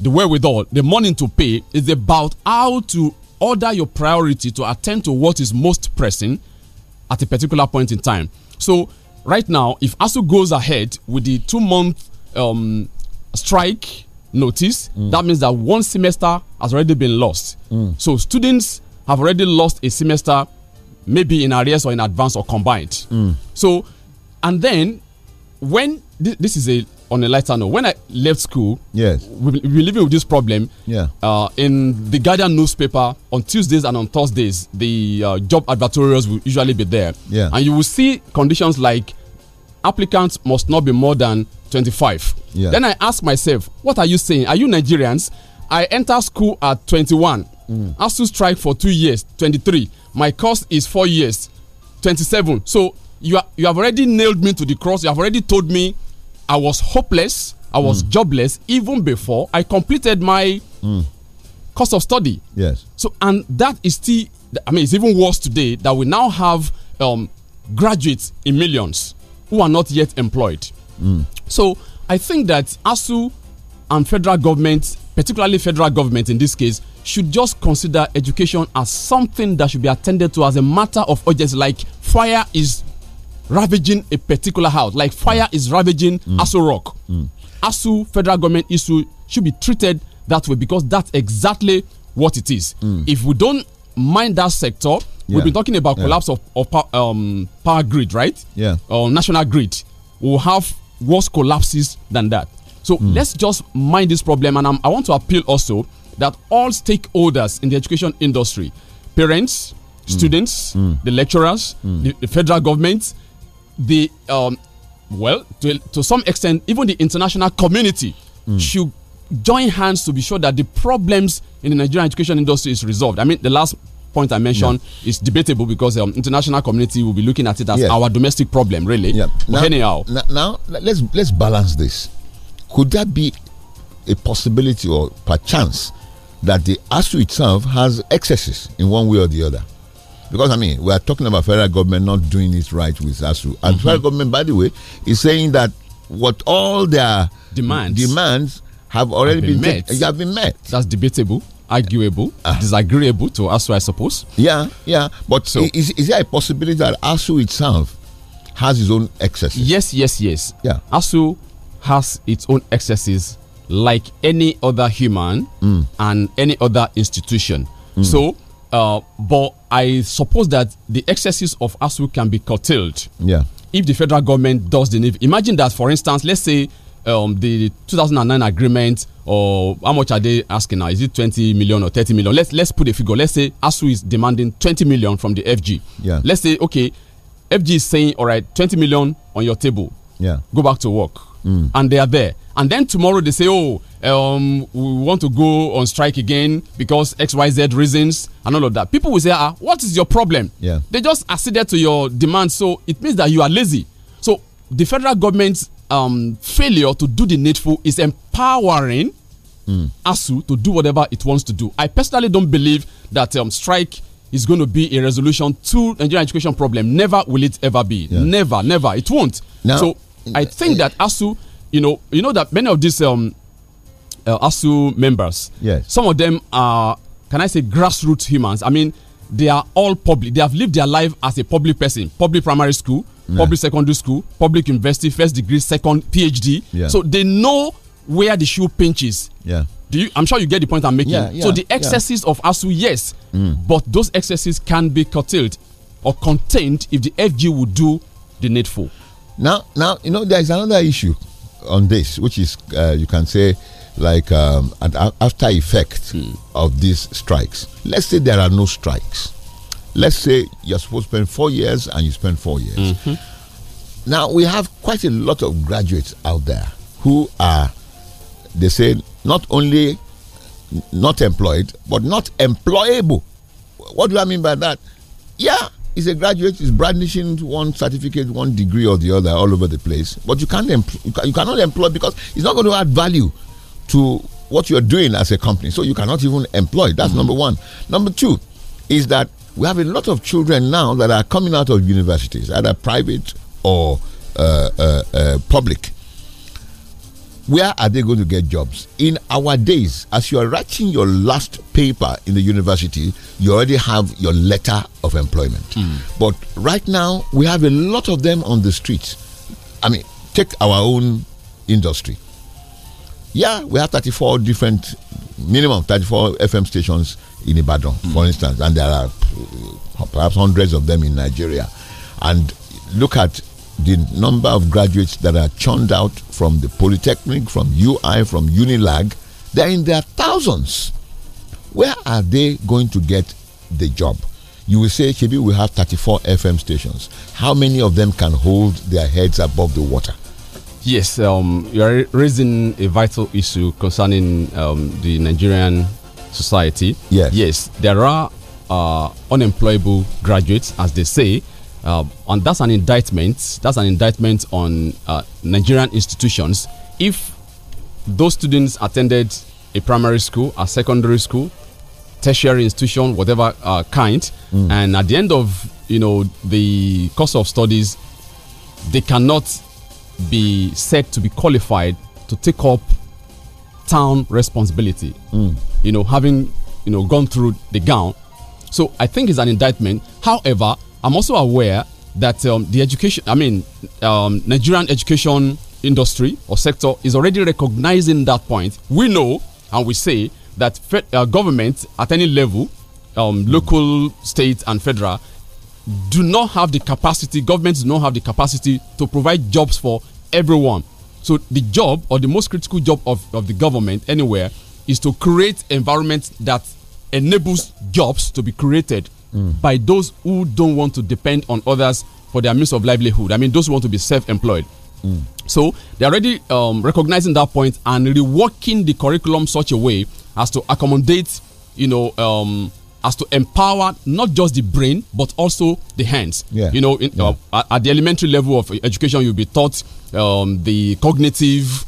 the wherewithal, the money to pay is about how to order your priority to attend to what is most pressing at a particular point in time. So, right now, if ASU goes ahead with the two month um, strike notice, mm. that means that one semester has already been lost. Mm. So, students have already lost a semester, maybe in arrears or in advance or combined. Mm. So, and then when th this is a on a lighter note, when I left school, yes, we were living with this problem. Yeah. Uh, in the Guardian newspaper on Tuesdays and on Thursdays, the uh, job advertorials will usually be there. Yeah. And you will see conditions like applicants must not be more than 25. Yeah. Then I ask myself, what are you saying? Are you Nigerians? I enter school at 21. Mm. Asked to strike for two years, 23. My course is four years, 27. So you are, you have already nailed me to the cross. You have already told me I was hopeless. I was mm. jobless even before I completed my mm. course of study. Yes. So, and that is still, I mean, it's even worse today that we now have um, graduates in millions who are not yet employed. Mm. So, I think that ASU and federal government, particularly federal government in this case, should just consider education as something that should be attended to as a matter of urgency, like fire is ravaging a particular house, like fire is ravaging mm. Asu Rock. Mm. Asu federal government issue should be treated that way because that's exactly what it is. Mm. If we don't mind that sector, yeah. we've been talking about yeah. collapse of, of um, power grid, right? Yeah. Or uh, national grid. We'll have worse collapses than that. So mm. let's just mind this problem. And I'm, I want to appeal also that all stakeholders in the education industry, parents, mm. students, mm. the lecturers, mm. the, the federal government, the um, well, to, to some extent, even the international community mm. should join hands to be sure that the problems in the Nigerian education industry is resolved. I mean, the last point I mentioned yeah. is debatable because the um, international community will be looking at it as yeah. our domestic problem, really. Yeah. Now, anyhow, now let's let's balance this. Could that be a possibility or perchance that the ASU itself has excesses in one way or the other? Because I mean, we are talking about federal government not doing it right with ASU. And mm -hmm. federal government, by the way, is saying that what all their demands demands have already have been, been met. Have been met. That's debatable arguable, uh, disagreeable to ASU, I suppose. Yeah, yeah. But so, is, is there a possibility that ASU itself has its own excesses? Yes, yes, yes. Yeah. ASU has its own excesses like any other human mm. and any other institution. Mm. So, uh, but I suppose that the excesses of ASU can be curtailed. Yeah. If the federal government does the need. Imagine that, for instance, let's say um, the 2009 agreement, or how much are they asking now? Is it 20 million or 30 million? Let's let's put a figure. Let's say ASU is demanding 20 million from the FG. Yeah. Let's say okay, FG is saying, all right, 20 million on your table. Yeah. Go back to work, mm. and they are there and then tomorrow they say, oh, um, we want to go on strike again because X, Y, Z reasons and all of that. People will say, ah, what is your problem? Yeah. They just acceded to your demand, so it means that you are lazy. So the federal government's um, failure to do the needful is empowering mm. ASU to do whatever it wants to do. I personally don't believe that um, strike is going to be a resolution to Nigerian education problem. Never will it ever be. Yeah. Never, never. It won't. Now, so I think that ASU you know, you know that many of these um, uh, ASU members, yes, some of them are, can I say, grassroots humans. I mean, they are all public. They have lived their life as a public person, public primary school, yeah. public secondary school, public university, first degree, second PhD. Yeah. So they know where the shoe pinches. Yeah. Do you, I'm sure you get the point I'm making. Yeah, yeah, so the excesses of ASU, yes, mm. but those excesses can be curtailed or contained if the FG would do the needful. Now, now you know there is another issue on this, which is uh, you can say like um, an after effect mm. of these strikes. Let's say there are no strikes. Let's say you're supposed to spend four years and you spend four years. Mm -hmm. Now we have quite a lot of graduates out there who are, they say, not only not employed but not employable. What do I mean by that? Yeah, is a graduate is brandishing one certificate, one degree or the other all over the place. But you can't you cannot employ because it's not going to add value to what you're doing as a company. So you cannot even employ. That's mm -hmm. number one. Number two is that we have a lot of children now that are coming out of universities, either private or uh, uh, uh, public, where are they going to get jobs? In our days, as you are writing your last paper in the university, you already have your letter of employment. Mm. But right now, we have a lot of them on the streets. I mean, take our own industry. Yeah, we have 34 different, minimum 34 FM stations in Ibadan, mm. for instance, and there are uh, perhaps hundreds of them in Nigeria. And look at the number of graduates that are churned out from the Polytechnic, from UI, from Unilag, they're in their thousands. Where are they going to get the job? You will say, Chibi, we have 34 FM stations. How many of them can hold their heads above the water? Yes, um, you are raising a vital issue concerning um, the Nigerian society. Yes. Yes, there are uh, unemployable graduates, as they say, um, and that's an indictment. That's an indictment on uh, Nigerian institutions. If those students attended a primary school, a secondary school, tertiary institution, whatever uh, kind, mm. and at the end of you know the course of studies, they cannot be said to be qualified to take up town responsibility. Mm. You know, having you know gone through the gown. So I think it's an indictment. However, I'm also aware that um, the education, I mean, um, Nigerian education industry or sector is already recognizing that point. We know and we say that uh, government at any level, um, local, state, and federal, do not have the capacity, governments do not have the capacity to provide jobs for everyone. So the job or the most critical job of, of the government anywhere is to create environment that enables jobs to be created mm. by those who don't want to depend on others for their means of livelihood. I mean, those who want to be self employed. Mm. So they're already um, recognizing that point and reworking the curriculum such a way as to accommodate, you know, um, as to empower not just the brain but also the hands. Yeah. You know, in, yeah. uh, at the elementary level of education, you'll be taught um, the cognitive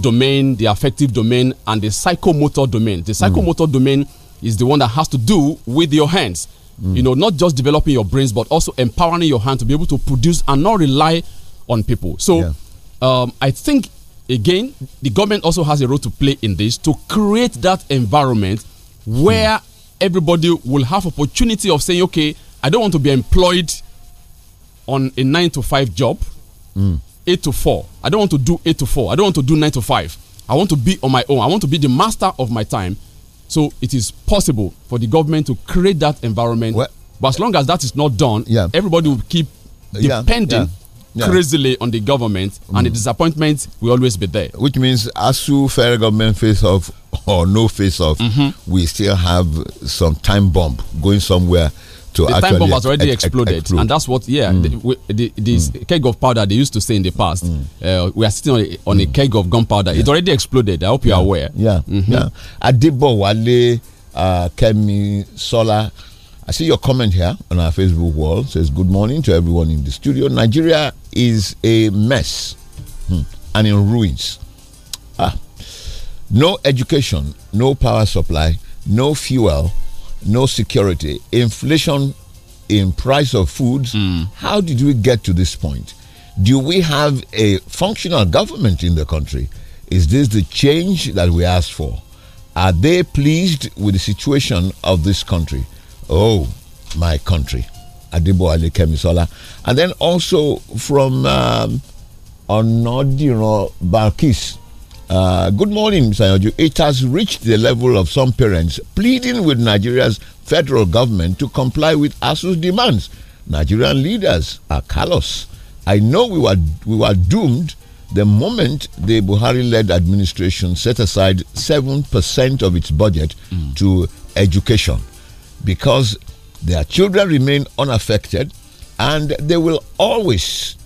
domain, the affective domain, and the psychomotor domain. The hmm. psychomotor mm. domain is the one that has to do with your hands. Mm. You know, not just developing your brains, but also empowering your hand to be able to produce and not rely on people. So, yeah. um, I think again, the government also has a role to play in this to create that environment where mm. everybody will have opportunity of saying, okay, I don't want to be employed on a nine to five job, mm. eight to four. I don't want to do eight to four. I don't want to do nine to five. I want to be on my own. I want to be the master of my time so it is possible for the government to create that environment. Well, but as long as that is not done, yeah. everybody will keep depending. Yeah, yeah. Yeah. crazily on the government, mm. and the mm. disappointment will always be there. Which means, as soon federal government face off or no face off, mm -hmm. we still have some time bomb going somewhere to the time bomb has already ex exploded, explode. and that's what yeah mm. the, the, the mm. keg of powder they used to say in the past. Mm. Uh, we are sitting on a, on a mm. keg of gunpowder. Yeah. It already exploded. I hope you are aware. Yeah, mm-hmm. yeah. Adebowale uh, Kemi Sola. I see your comment here on our Facebook wall. It says good morning to everyone in the studio. Nigeria is a mess hmm, and in ruins. Ah, no education, no power supply, no fuel no security, inflation in price of food. Mm. How did we get to this point? Do we have a functional government in the country? Is this the change that we asked for? Are they pleased with the situation of this country? Oh, my country. Adibo Ali Kemisola. And then also from um, Onodiro Balkis uh, good morning, Sanyoju. It has reached the level of some parents pleading with Nigeria's federal government to comply with ASU's demands. Nigerian leaders are callous. I know we were, we were doomed the moment the Buhari led administration set aside 7% of its budget mm. to education because their children remain unaffected and they will always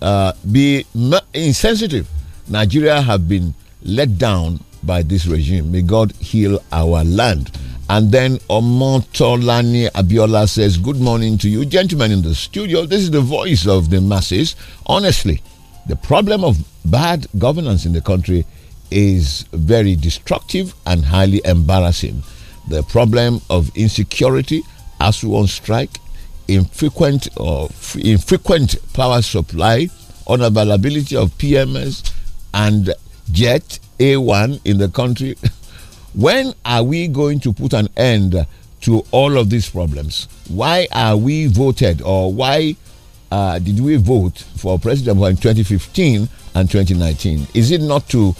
uh, be insensitive Nigeria have been let down by this regime. May God heal our land. And then Omotolani Abiola says, Good morning to you, gentlemen in the studio. This is the voice of the masses. Honestly, the problem of bad governance in the country is very destructive and highly embarrassing. The problem of insecurity, ASU on strike, infrequent or infrequent power supply, unavailability of PMS, and jet A1 in the country. when are we going to put an end to all of these problems? Why are we voted or why uh, did we vote for President in 2015 and 2019? Is it not to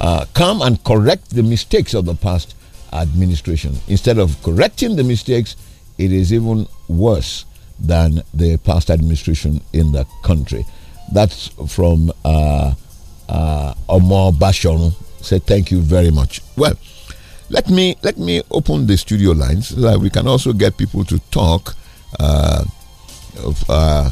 uh, come and correct the mistakes of the past administration? Instead of correcting the mistakes, it is even worse than the past administration in the country. That's from uh, uh, Omo Bashorun say thank you very much. Well, let me let me open the studio lines so that we can also get people to talk uh, of, uh,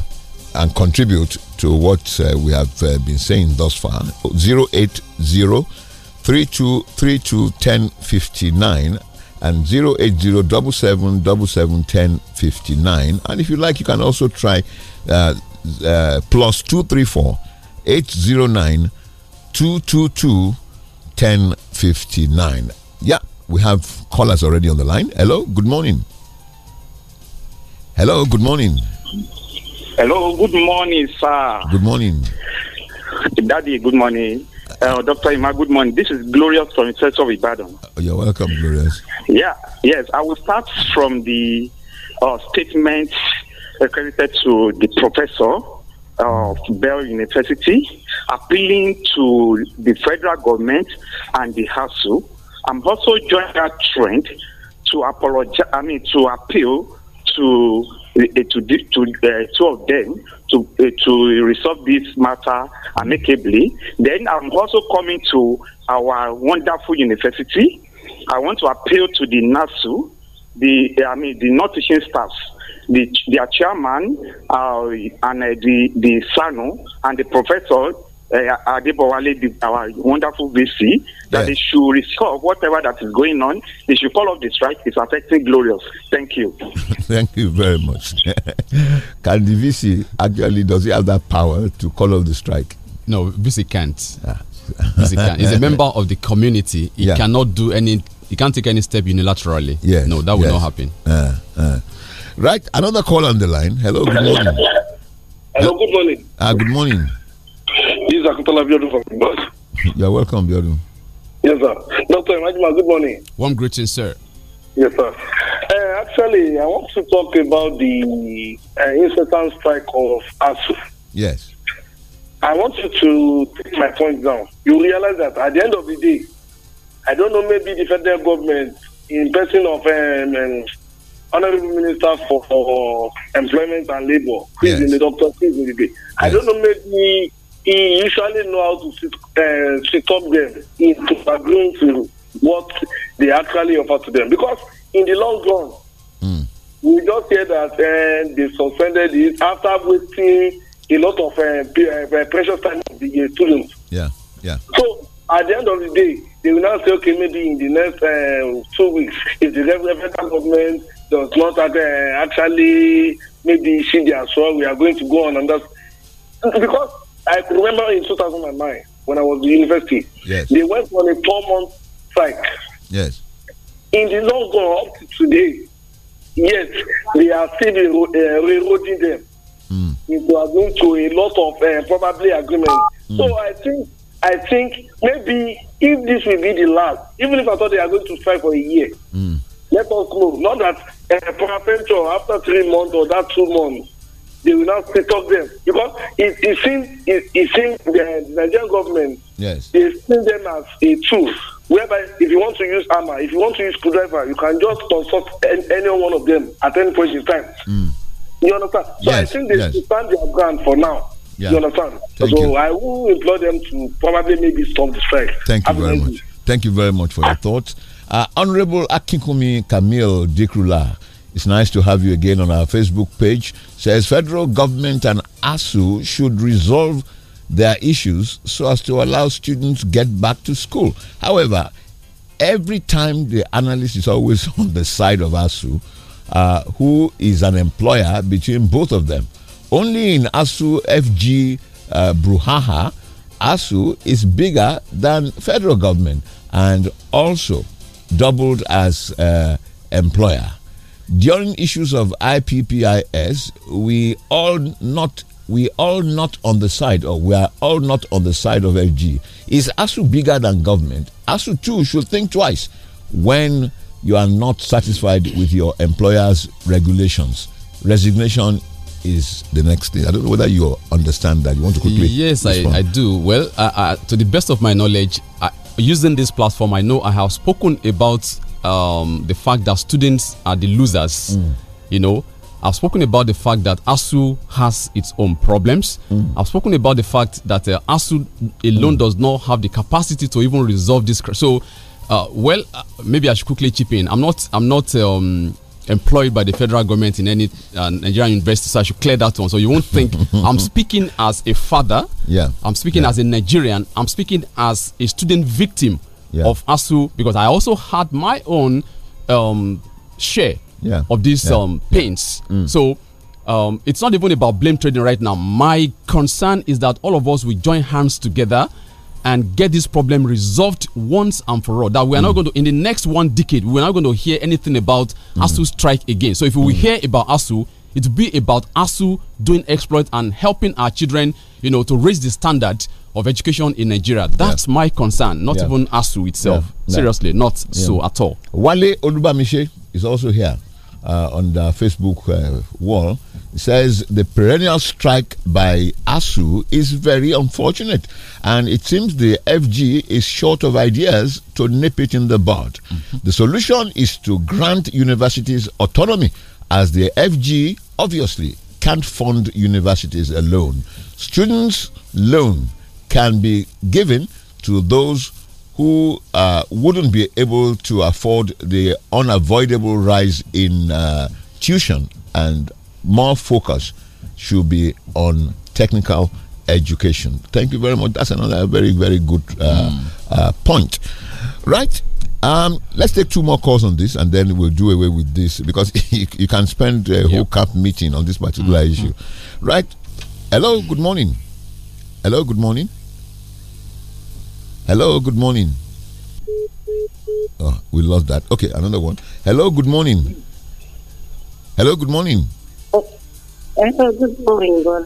and contribute to what uh, we have uh, been saying thus far. 080 and 080 And if you like, you can also try uh, plus 234 809 222 1059. Yeah, we have callers already on the line. Hello, good morning. Hello, good morning. Hello, good morning, sir. Good morning. Daddy, good morning. Uh, Dr. Ima, good morning. This is Glorious from Church of Ibadan. Uh, you're welcome, Glorious. Yeah, yes. I will start from the uh, statement accredited uh, to the professor of Bell University, appealing to the federal government and the HASU. I'm also joining that trend to apologize, I mean, to appeal to uh, to, to eh, two of them to uh, to resolve this matter amicably. Then I'm also coming to our wonderful university. I want to appeal to the NASU, the I mean the non-teaching staff the, their chairman uh, and uh, the, the SANO and the professor uh, Adebowale, our wonderful VC, that they should resolve whatever that is going on. They should call off the strike. It's affecting Glorious. Thank you. Thank you very much. Can the VC actually, does he have that power to call off the strike? No, VC can't. Ah. VC can't. He's a member of the community. He yeah. cannot do any, he can't take any step unilaterally. Yes. No, that will yes. not happen. Uh, uh. Right, another call on the line. Hello, good morning. Hello, good morning. Ah, uh, good morning. This is Akutola Biodun from Bus. You're welcome, Biodun. Yes, sir. Dr. Imajima, good morning. Warm greeting, sir. Yes, sir. Uh, actually, I want to talk about the uh, strike of ASU. Yes. I want you to take my point down. You realize that at the end of the day, I don't know, maybe the federal government, in person of um, um honorable minister for, employment and labor. yes. in the doctor, please in the day. Yes. I don't know, maybe he usually know how to sit, uh, sit up them into agreeing to what they actually offer to them. Because in the long run, mm. we just hear that uh, they suspended it after wasting a lot of uh, uh precious time of the students. Yeah, yeah. So at the end of the day, they will now say, okay, maybe in the next uh, two weeks, if the federal government does not uh, actually maybe see the well. We are going to go on and that's because I remember in 2009 when I was in university, yes. they went on a four-month strike. Yes. In the long run up to today, yes, they are still eroding uh, them. Mm. Into going to a lot of uh, probably agreements. Mm. So I think I think maybe if this will be the last, even if I thought they are going to strike for a year, mm. let us know. Not that uh, peradventure after three months or that two months, they will not take up them because it, it seems it, it seems the Nigerian government yes they see them as a tool whereby if you want to use hammer if you want to use screwdriver you can just consult any, any one of them at any point in time. Mm. You understand? So yes, I think they yes. stand their ground for now. Yeah. You understand? Thank so you. I will implore them to probably maybe stop the strike. Thank you very much. Thank you very much for your thoughts. Uh, Honorable Akinkumi Camille Dikrula, it's nice to have you again on our Facebook page. Says federal government and ASU should resolve their issues so as to allow students get back to school. However, every time the analyst is always on the side of ASU, uh, who is an employer between both of them. Only in ASU FG uh, Bruhaha, ASU is bigger than federal government and also doubled as uh, employer. During issues of IPPIS, we all not we all not on the side, or we are all not on the side of FG. Is ASU bigger than government? ASU too should think twice when you are not satisfied with your employer's regulations. Resignation is the next thing. I don't know whether you understand that. You want to quickly. Yes, I, I, do. Well, uh, uh, to the best of my knowledge, uh, using this platform, I know I have spoken about um, the fact that students are the losers. Mm. You know, I've spoken about the fact that ASU has its own problems. Mm. I've spoken about the fact that uh, ASU alone mm. does not have the capacity to even resolve this. So, uh, well, uh, maybe I should quickly chip in. I'm not. I'm not. Um, employed by the federal government in any uh, Nigerian university. So I should clear that one. So you won't think I'm speaking as a father. Yeah. I'm speaking yeah. as a Nigerian. I'm speaking as a student victim yeah. of ASU because I also had my own um, share yeah. of these um, pains. Mm. So. Um, it's not even about blame trading right now. My concern is that all of us will join hands together and get this problem resolved once and for all. That we are mm. not hmm. going to, in the next one decade, we're not going to hear anything about mm. ASU strike again. So if we mm. hear about ASU, it will be about ASU doing exploit and helping our children, you know, to raise the standard of education in Nigeria. That's yeah. my concern, not yeah. even ASU itself. Yeah. Seriously, not so at all. Wale Olubamiche is also here uh, on the Facebook uh, wall it says the perennial strike by ASU is very unfortunate, and it seems the FG is short of ideas to nip it in the bud. Mm -hmm. The solution is to grant universities autonomy, as the FG obviously can't fund universities alone. Students' loan can be given to those who uh, wouldn't be able to afford the unavoidable rise in uh, tuition and more focus should be on technical education. Thank you very much. That's another very, very good uh, mm. point. Right? Um, let's take two more calls on this and then we'll do away with this because you, you can spend a yep. whole cup meeting on this particular mm -hmm. issue. Right? Hello, good morning. Hello, good morning. Hello, good morning. Oh, we lost that. Okay, another one. Hello, good morning. Hello, good morning. hello, good morning, brother.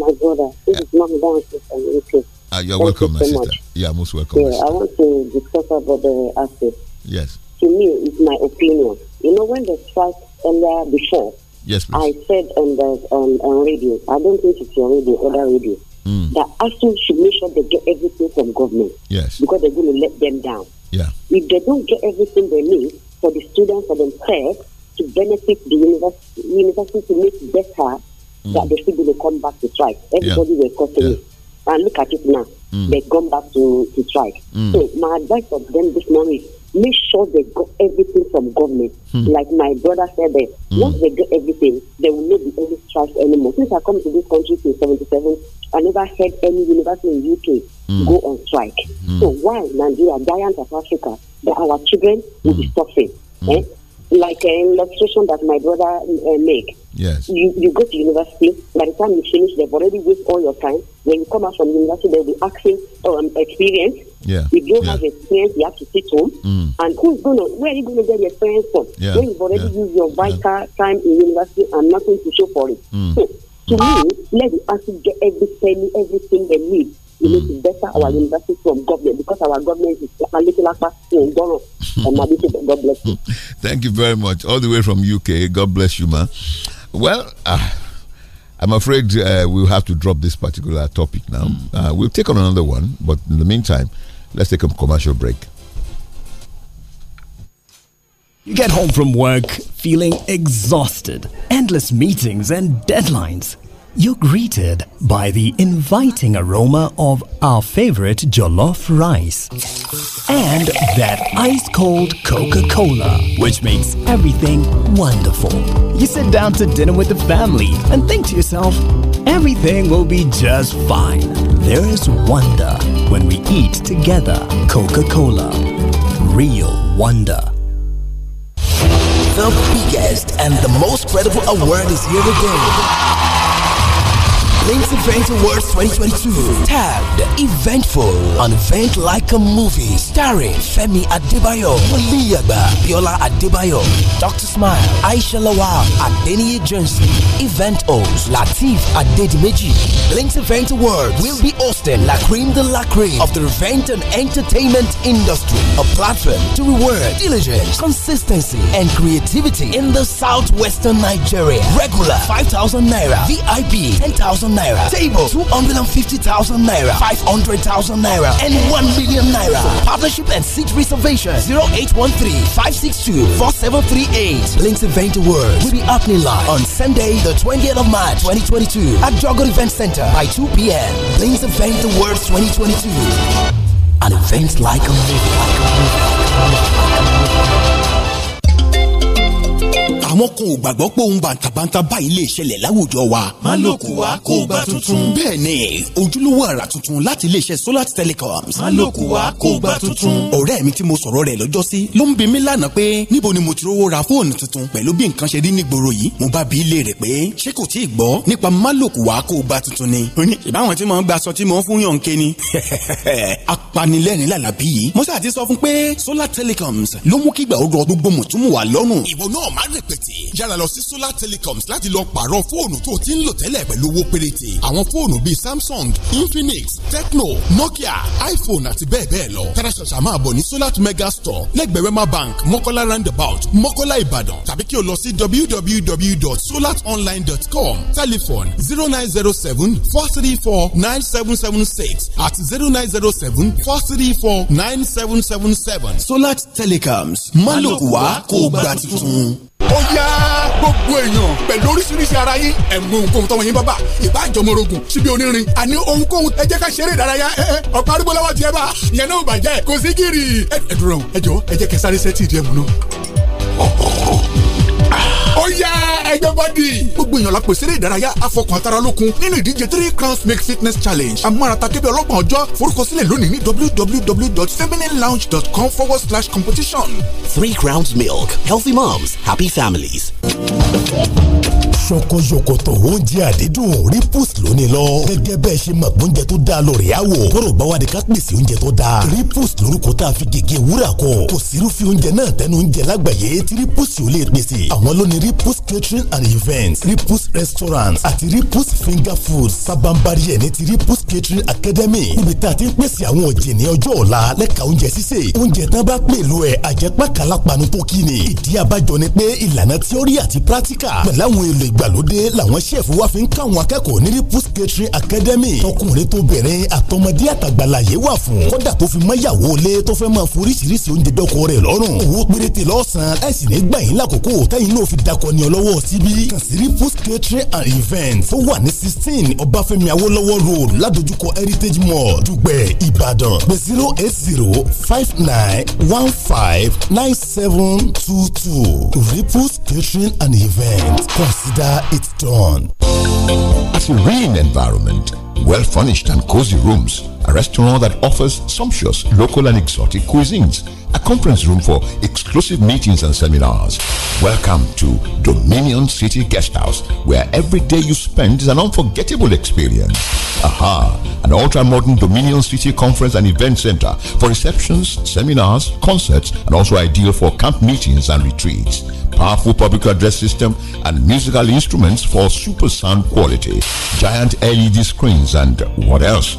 My brother, this is Mom Dancy from UK. Ah, you're welcome, my sister. Yeah, most welcome. Yeah, I want to discuss about the asset. Yes. To me, it's my opinion. You know, when the strike ended before, yes, please. I said on the on, on radio. I don't think it's your radio, other radio. Mm. That ASU should make sure they get everything from government. Yes. Because they're going to let them down. Yeah. If they don't get everything they need for the students, for themselves, to benefit the university, university to make better, mm. that they should be come back to strike. Everybody yeah. will come yeah. it. And look at it now. Mm. They've gone back to, to strike. Mm. So, my advice for them this morning is make sure they got everything from government. Hmm. Like my brother said that hmm. once they get everything, there will not be any strike anymore. Since I come to this country since 77, I never heard any university in UK hmm. go on strike. Hmm. So why Nigeria, giant of Africa, that our children will be hmm. suffering? Hmm. Eh? like an illustration that my brother uh, Yes. You, you go to university, by the time you finish, they've already wasted all your time. When you come out from university, they'll be asking um, experience. Yeah. If you don't yeah. have experience, you have to sit home. Mm. And who's going to, where are you going to get your experience from? Yeah. When you've already used your vital time in university and nothing to show for it. Mm. So, to me, let the athlete get every penny, everything they need we need to better our mm. university from government because our government is lakalakilaka in Goro. God bless you. Thank you very much. All the way from UK. God bless you, man. Well, uh, I'm afraid uh, we'll have to drop this particular topic now. Mm. Uh, we'll take on another one, but in the meantime, let's take a commercial break. You get home from work feeling exhausted, endless meetings and deadlines you're greeted by the inviting aroma of our favorite jollof rice and that ice cold Coca Cola, which makes everything wonderful. You sit down to dinner with the family and think to yourself, everything will be just fine. There is wonder when we eat together Coca Cola. Real wonder. The biggest and the most credible award is here again. Flames Event Awards 2022. Tagged Eventful, an event like a movie. Starring Femi Adebayo, Maliyaba, Biola Adebayo, Dr. Smile, Aisha Lawal, Adeniyi Johnson. Event host Latif Adedimeji. Blinks Event Awards will be hosting La Cream de la Cream of the event and entertainment industry. A platform to reward diligence, consistency, and creativity in the southwestern Nigeria. Regular 5,000 naira, VIP 10,000 naira. Table 250,000 naira. 500,000 naira. And 1 million naira. partnership and seat reservation 0813 562 4738. Links Event World will be happening live on Sunday, the 20th of March 2022 at Jogger Event Center by 2 p.m. Links Event World 2022. An event Like a movie. Like a movie. Like a movie. àwọn kan gbàgbọ́ pé ohun bàǹtàbàǹtà báyìí lè ṣẹlẹ̀ láwùjọ wa. má ló kù wá kó o gba tuntun. bẹ́ẹ̀ni ojúlówó àrà tuntun láti iléeṣẹ́ solar telecoms. má wa kù wá kó o gba tuntun. ọ̀rẹ́ mi tí mo sọ̀rọ̀ rẹ̀ lọ́jọ́ sí ló ń bi mí lánàá pé níbo ni mo ti rówó ra fóònù tuntun pẹ̀lú bí nǹkan ṣe rí nígboro yìí mo bá bi í léèrè pé ṣé kò tí ì gbọ́ nípa má ló kù wá tuntun ni. ó ní ìbáwọn tí mò ń gba aṣọ tí mò ń fún yàn ni. apanilẹ́rìn lálàbí yìí mo ṣáà ti sọ fún pé solar telecoms ló mú kígbà ó rọ gbogbo mùtúmù wà lọ́rùn. ìwọ náà má rèpèt péréte yára lọ sí solar telecoms láti lọ pààrọ̀ fóònù tó ti ń lò tẹ́lẹ̀ pẹ̀lú owó péréte àwọn fóònù bíi samsung infinix tecno nokia iphone àti bẹ́ẹ̀ bẹ́ẹ̀ lọ tara ṣàṣà máa bọ̀ ní solar mega store lẹ́gbẹ̀rẹ́mà bank mọ́kọ́lá roundabout mọ́kọ́lá ìbàdàn tàbí kí o lọ sí www.solatonline.com telephone zero nine zero seven four three four nine seven seven six àti zero nine zero seven four three four nine seven seven seven. solar telecoms má lòkùwá kó gbà tuntun ó yá gbogbo èèyàn pẹ̀lú oríṣiríṣi ara yín ẹ̀ mú ohunkóhun tọ́wọ́ yín bá bà ìbá àjọmọ́rogùn síbi onírin àní ohunkóhun ẹ jẹ́ ká ṣeré ìdárayá ọ̀pá arúgbó lọ́wọ́ tiẹ̀ bá ìyẹn náà bàjẹ́ kò sí gírì. ẹ dúró ẹ jọ ẹ jẹ́ sẹ́tì ìdí ẹ̀ náà ó yá ẹgbẹ́ bọ́dì. gbogbo èèyàn la pèsè eré ìdárayá afọkàntara lókun nínú ìdíje three crowns make fitness challenge amárata kébé ọlọ́gbọ̀n ọjọ́ forúkọsílẹ̀ lónìí ní www.femininelounge.com forward slash competition. three crowns milk healthy moms happy families. ṣọkọyọkọtọ oúnjẹ àdídùn ripus lónìí lọ gẹ́gẹ́ bẹ́ẹ̀ ṣe mọ̀ gbóúnjẹ tó dáa lọ rẹ̀ á wò kóró bá wa di ká pèsè oúnjẹ tó dáa ripus lórúkọ tá a fi gègé wúrà kọ kò sírúfin oúnjẹ náà tẹnu oúnjẹ lágbàáyé tí ripus yóò lè pèsè àwọn lónìí Ripples catering and events Ripples restaurants àti Ripples finger foods. sábàmbarí ẹ̀ ní ti Ripples catering academy níbi tá a ti ń pèsè àwọn òjìní ọjọ́ ọ̀la lẹ́ka oúnjẹ sísè oúnjẹ tán bá pèlú ẹ̀ àjẹpákàlápanu tó kí ni ìdí abájọ ni pé ìlànà tíọ́rì àti pírátíkà pẹ̀lú àwọn èlò ìgbàlódé làwọn ṣẹ́ẹ̀fù wá fi ń káwọn akẹ́kọ̀ọ́ ní Ripples catering academy tọkùnrin tó bẹ̀rẹ̀ àtọmọdé àtàgbàláyé wà fún kódà tó fi mọ́yàwó lé tó fẹ́ máa foríṣiríṣi oúnjẹ dọ́kọ̀ rẹ̀ lọ́rùn owó péréte lọ́sàn akọni ọlọ́wọ́ síbí kàsírí post catering and event tó wà ní sixteen ọbáfẹ́mi Awolowo road ládojúkọ heritage mall dùgbẹ̀ ìbàdàn pé zero eight zero five nine one five nine seven two two ripples catering and event consider it done. At a green environment well furnished and cozy rooms, a restaurant that offers sumptuous local and exotic cuisines, a conference room for exclusive meetings and seminars. Welcome to Dominion City Guest House, where every day you spend is an unforgettable experience. Aha! An ultra modern Dominion City Conference and Event Center for receptions, seminars, concerts, and also ideal for camp meetings and retreats powerful public address system and musical instruments for super sound quality, giant LED screens, and what else?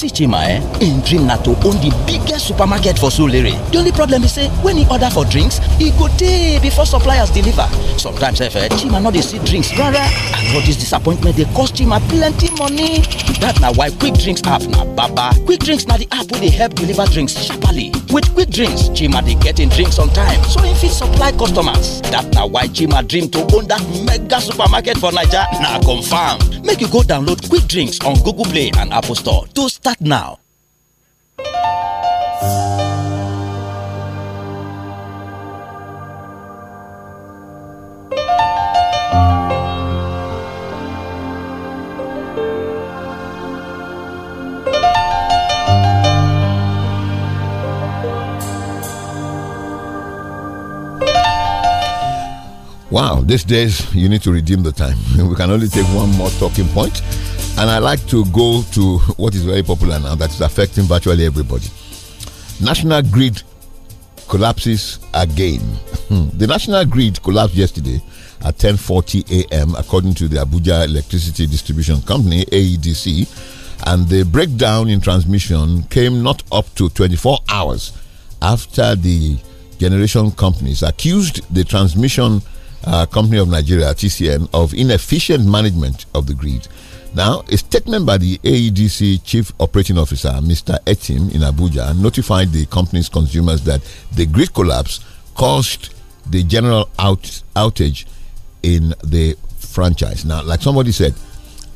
see Chima eh, im dream na to own the biggest supermarket for Solere. The only problem is say eh, when he order for drinks, he go tey before suppliers deliver. Sometimes sef eh, eh, Chima not dey see drinks rara and all dis disappointment They cost Chima plenty money. That na why Quick Drinks app na baba. Quick Drinks na the app wey dey help deliver drinks sharparly. With Quick Drinks, Chima dey get im drinks on time so if it supply customers. that na why Chima dream to own that mega supermarket for Naija na confirm. Make you go download Quick Drinks on Google Play and Apple Store to start that now. Wow, these days you need to redeem the time. we can only take one more talking point. And I like to go to what is very popular now that is affecting virtually everybody. National grid collapses again. Hmm. the national grid collapsed yesterday at 10:40 a.m. according to the Abuja Electricity Distribution Company (AEDC), and the breakdown in transmission came not up to 24 hours after the generation companies accused the transmission uh, Company of Nigeria, TCN, of inefficient management of the grid. Now, a statement by the AEDC Chief Operating Officer, Mr. Etim, in Abuja, notified the company's consumers that the grid collapse caused the general out outage in the franchise. Now, like somebody said,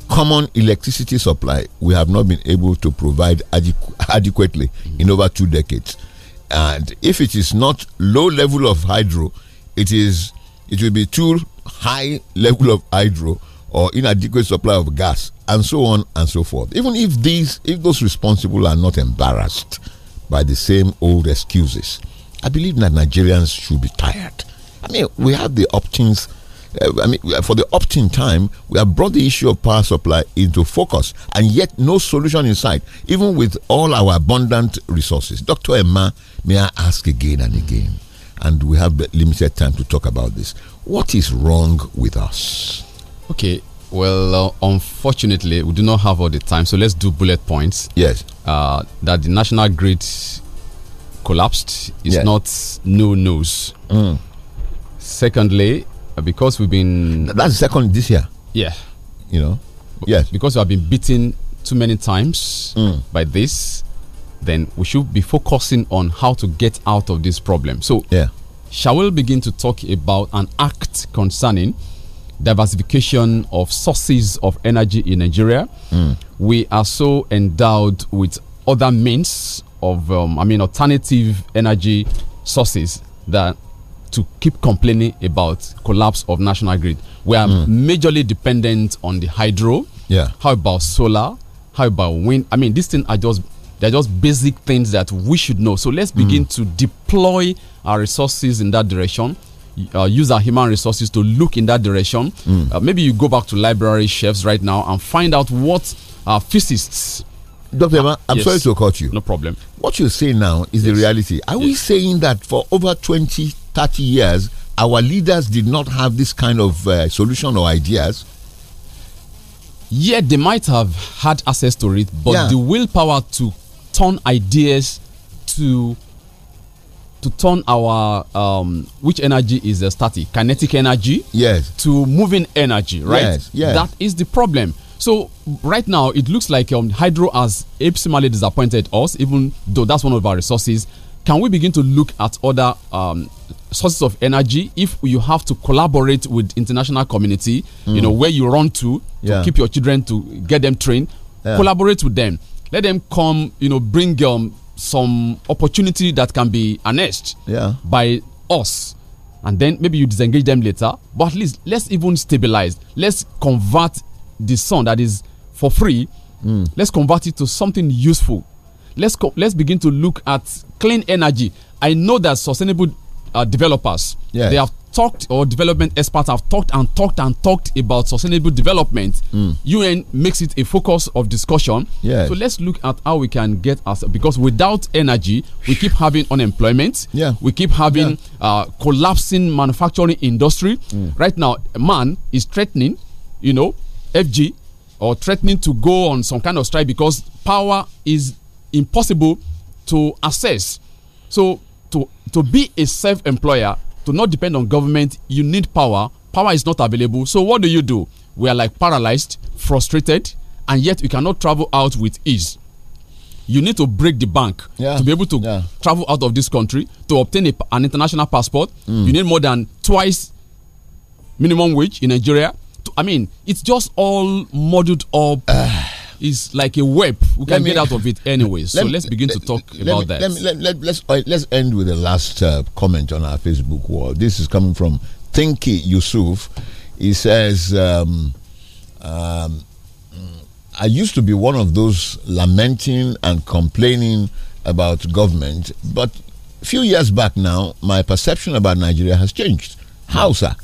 common electricity supply we have not been able to provide adequ adequately in over two decades. And if it is not low level of hydro, it is it will be too high level of hydro or inadequate supply of gas and so on and so forth. Even if these, if those responsible are not embarrassed by the same old excuses, I believe that Nigerians should be tired. I mean, we have the options Uh, I mean, for the opt time, we have brought the issue of power supply into focus, and yet no solution in sight, even with all our abundant resources. Dr. Emma, may I ask again and again? and we have limited time to talk about this. What is wrong with us? Okay, well, uh, unfortunately, we do not have all the time, so let's do bullet points. Yes. Uh, that the national grid collapsed is yes. not new news. Mm. Secondly, uh, because we've been. That's second this year. Yeah. You know? Yes. Because we have been beaten too many times mm. by this then we should be focusing on how to get out of this problem. So, yeah. shall we begin to talk about an act concerning diversification of sources of energy in Nigeria? Mm. We are so endowed with other means of, um, I mean, alternative energy sources that to keep complaining about collapse of national grid. We are mm. majorly dependent on the hydro. Yeah. How about solar? How about wind? I mean, these things are just they're just basic things that we should know. So let's begin mm. to deploy our resources in that direction. Uh, use our human resources to look in that direction. Mm. Uh, maybe you go back to library chefs right now and find out what our physicists. Dr. Emma, I'm yes. sorry to cut you. No problem. What you say now is yes. the reality. Are yes. we saying that for over 20, 30 years, our leaders did not have this kind of uh, solution or ideas? Yeah, they might have had access to it, but yeah. the willpower to turn ideas to to turn our um, which energy is uh, static kinetic energy yes to moving energy right yes, yes. that is the problem so right now it looks like um, hydro has abysmally disappointed us even though that's one of our resources can we begin to look at other um, sources of energy if you have to collaborate with international community mm. you hmm. know where you run to to yeah. keep your children to get them trained yeah. collaborate with them let them come, you know, bring um, some opportunity that can be annexed yeah. by us. And then maybe you disengage them later. But at least let's even stabilize. Let's convert the sun that is for free. Mm. Let's convert it to something useful. Let's let's begin to look at clean energy. I know that sustainable uh, developers yeah. they have talked, or development experts have talked and talked and talked about sustainable development. Mm. UN makes it a focus of discussion. Yes. So let's look at how we can get us because without energy, we keep having unemployment. Yeah. We keep having yeah. uh, collapsing manufacturing industry. Mm. Right now, man is threatening, you know, FG or threatening to go on some kind of strike because power is impossible to access. So to to be a self-employer to not depend on government, you need power. Power is not available. So what do you do? We are like paralyzed, frustrated, and yet we cannot travel out with ease. You need to break the bank yeah. to be able to yeah. travel out of this country to obtain a, an international passport. Mm. You need more than twice minimum wage in Nigeria. I mean, it's just all muddled up. Ah is like a web. We can me, get out of it anyway. So let, us begin let, to talk let, about that. Let, let, us let's, let's end with the last uh, comment on our Facebook wall. This is coming from Thinky Yusuf. He says, um, um, "I used to be one of those lamenting and complaining about government, but a few years back now, my perception about Nigeria has changed. How, sir?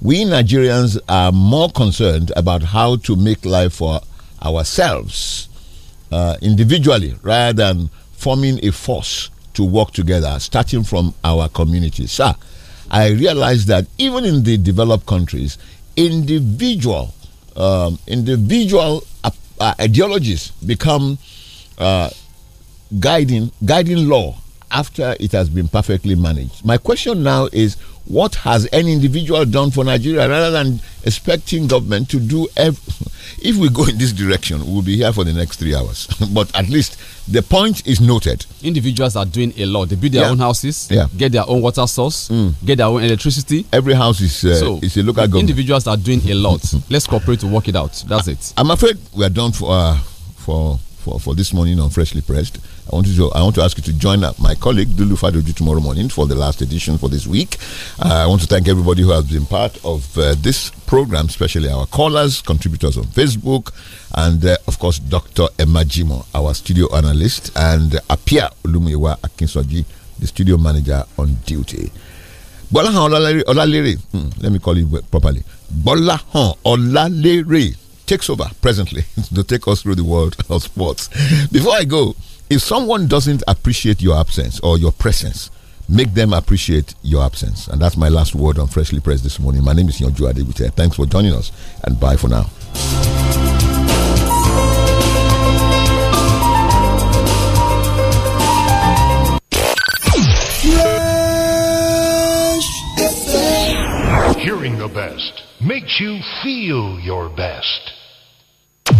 We Nigerians are more concerned about how to make life for." ourselves uh, individually rather than forming a force to work together, starting from our communities. Sir, I realize that even in the developed countries, individual um, individual uh, ideologies become uh, guiding guiding law after it has been perfectly managed. My question now is what has any individual done for Nigeria rather than expecting government to do if we go in this direction we'll be here for the next 3 hours but at least the point is noted individuals are doing a lot they build their yeah. own houses yeah. get their own water source mm. get their own electricity every house is uh, so is a local government individuals are doing a lot let's cooperate to work it out that's I, it i'm afraid we are done for uh, for for, for this morning on Freshly Pressed. I want, to, I want to ask you to join up my colleague Dulu Fadoju tomorrow morning for the last edition for this week. Uh, I want to thank everybody who has been part of uh, this program, especially our callers, contributors on Facebook, and uh, of course Dr. Emma Jimo, our studio analyst, and Apia Olumiwa Akinsoji, the studio manager on duty. Bolahan Olalere, Olalere hmm, let me call you properly. Bolahan Olalere takes over presently to take us through the world of sports. Before I go, if someone doesn't appreciate your absence or your presence, make them appreciate your absence. And that's my last word on Freshly Pressed this morning. My name is Yonju Adebute. Thanks for joining us, and bye for now. Hearing the best makes you feel your best.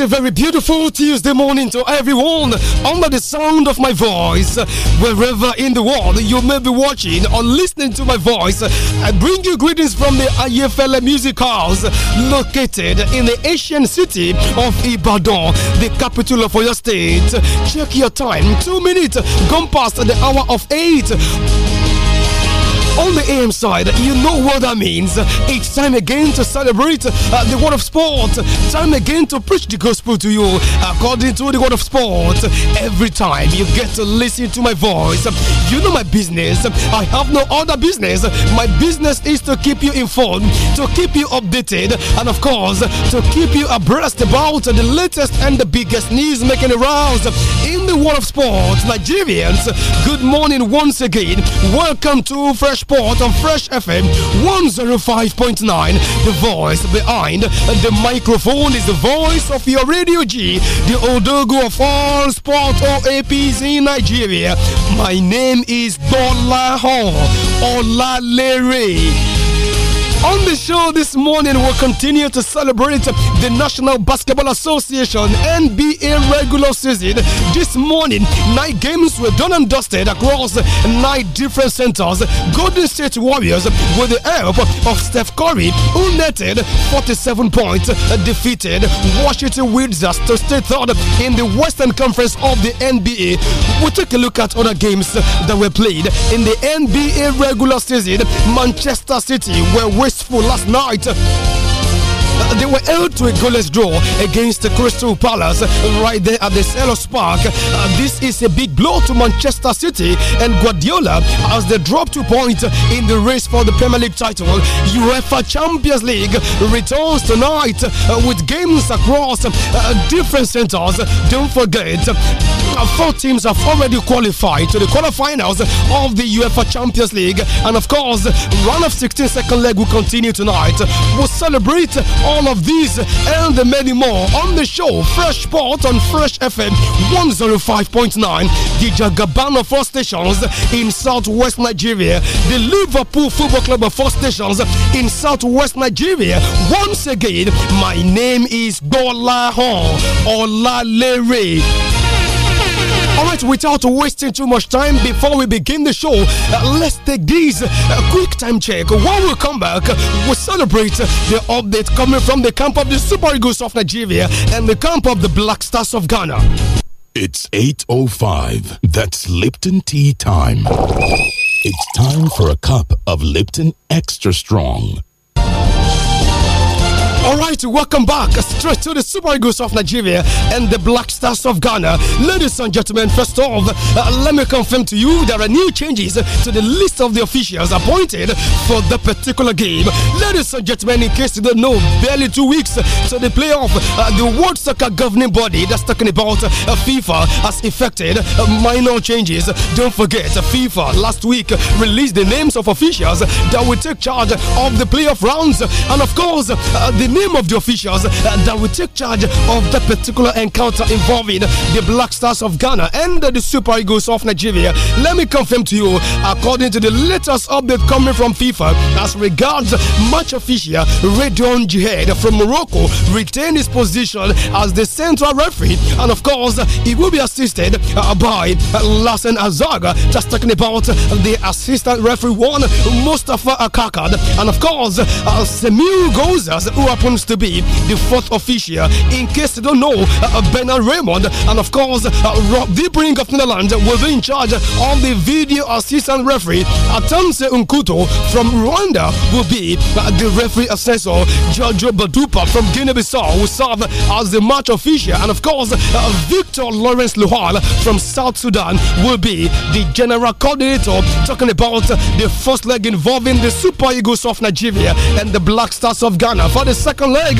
a very beautiful Tuesday morning to everyone under the sound of my voice, wherever in the world you may be watching or listening to my voice. I bring you greetings from the IFL Music House, located in the ancient city of Ibadan, the capital of Oyo State. Check your time, two minutes gone past the hour of eight on the AM side, you know what that means. It's time again to celebrate uh, the world of sport. Time again to preach the gospel to you according to the world of sport. Every time you get to listen to my voice, you know my business. I have no other business. My business is to keep you informed, to keep you updated, and of course, to keep you abreast about the latest and the biggest news making rounds in the world of sport. Nigerians, good morning once again. Welcome to Fresh Sport on Fresh FM 105.9. The voice behind the microphone is the voice of your Radio G, the Odogo of all sport OAPs in Nigeria. My name is Dola Hall, Ola Lere. On the show this morning, we'll continue to celebrate the National Basketball Association NBA regular season. This morning, nine games were done and dusted across nine different centers. Golden State Warriors, with the help of Steph Curry, who netted 47 points, defeated Washington Wizards to stay third in the Western Conference of the NBA. We'll take a look at other games that were played in the NBA regular season. Manchester City were restful last night. Uh, they were held to a goalless draw against Crystal Palace right there at the Sellers Park. Uh, this is a big blow to Manchester City and Guardiola as they drop two points in the race for the Premier League title. UEFA Champions League returns tonight uh, with games across different centers. Don't forget four teams have already qualified to the quarterfinals of the UEFA Champions League. And of course, run of 16 second leg will continue tonight. We'll celebrate all of these and the many more on the show Fresh Sport on Fresh FM 105.9, Gija of Four Stations in Southwest Nigeria, the Liverpool Football Club of Four Stations in Southwest Nigeria. Once again, my name is Dola Hon Olalere. All right, without wasting too much time before we begin the show, uh, let's take this uh, quick time check. When we come back, we'll celebrate the update coming from the camp of the Super Eagles of Nigeria and the camp of the Black Stars of Ghana. It's 8.05. That's Lipton tea time. It's time for a cup of Lipton Extra Strong all right, welcome back straight to the Super Eagles of Nigeria and the Black Stars of Ghana. Ladies and gentlemen, first off, uh, let me confirm to you there are new changes to the list of the officials appointed for the particular game. Ladies and gentlemen, in case you don't know, barely two weeks to the playoff, uh, the World Soccer governing body that's talking about uh, FIFA has effected uh, minor changes. Don't forget, FIFA last week released the names of officials that will take charge of the playoff rounds, and of course, uh, the name of the officials uh, that will take charge of that particular encounter involving the Black Stars of Ghana and the Super Eagles of Nigeria. Let me confirm to you, according to the latest update coming from FIFA, as regards match official Redon Jihad from Morocco, retain his position as the central referee, and of course, he will be assisted uh, by Lassen Azaga. Just talking about the assistant referee one, Mustafa Akakad, and of course, uh, Semil Gozas, who are happens to be the fourth official. In case you don't know, uh, Bernard Raymond and of course uh, Rob Dibring of Netherlands will be in charge of the video assistant referee. Atamse Unkuto from Rwanda will be uh, the referee assessor. Jojo Badupa from Guinea-Bissau will serve as the match official, and of course uh, Victor Lawrence Luhal from South Sudan will be the general coordinator. Talking about the first leg involving the Super Eagles of Nigeria and the Black Stars of Ghana for the second leg.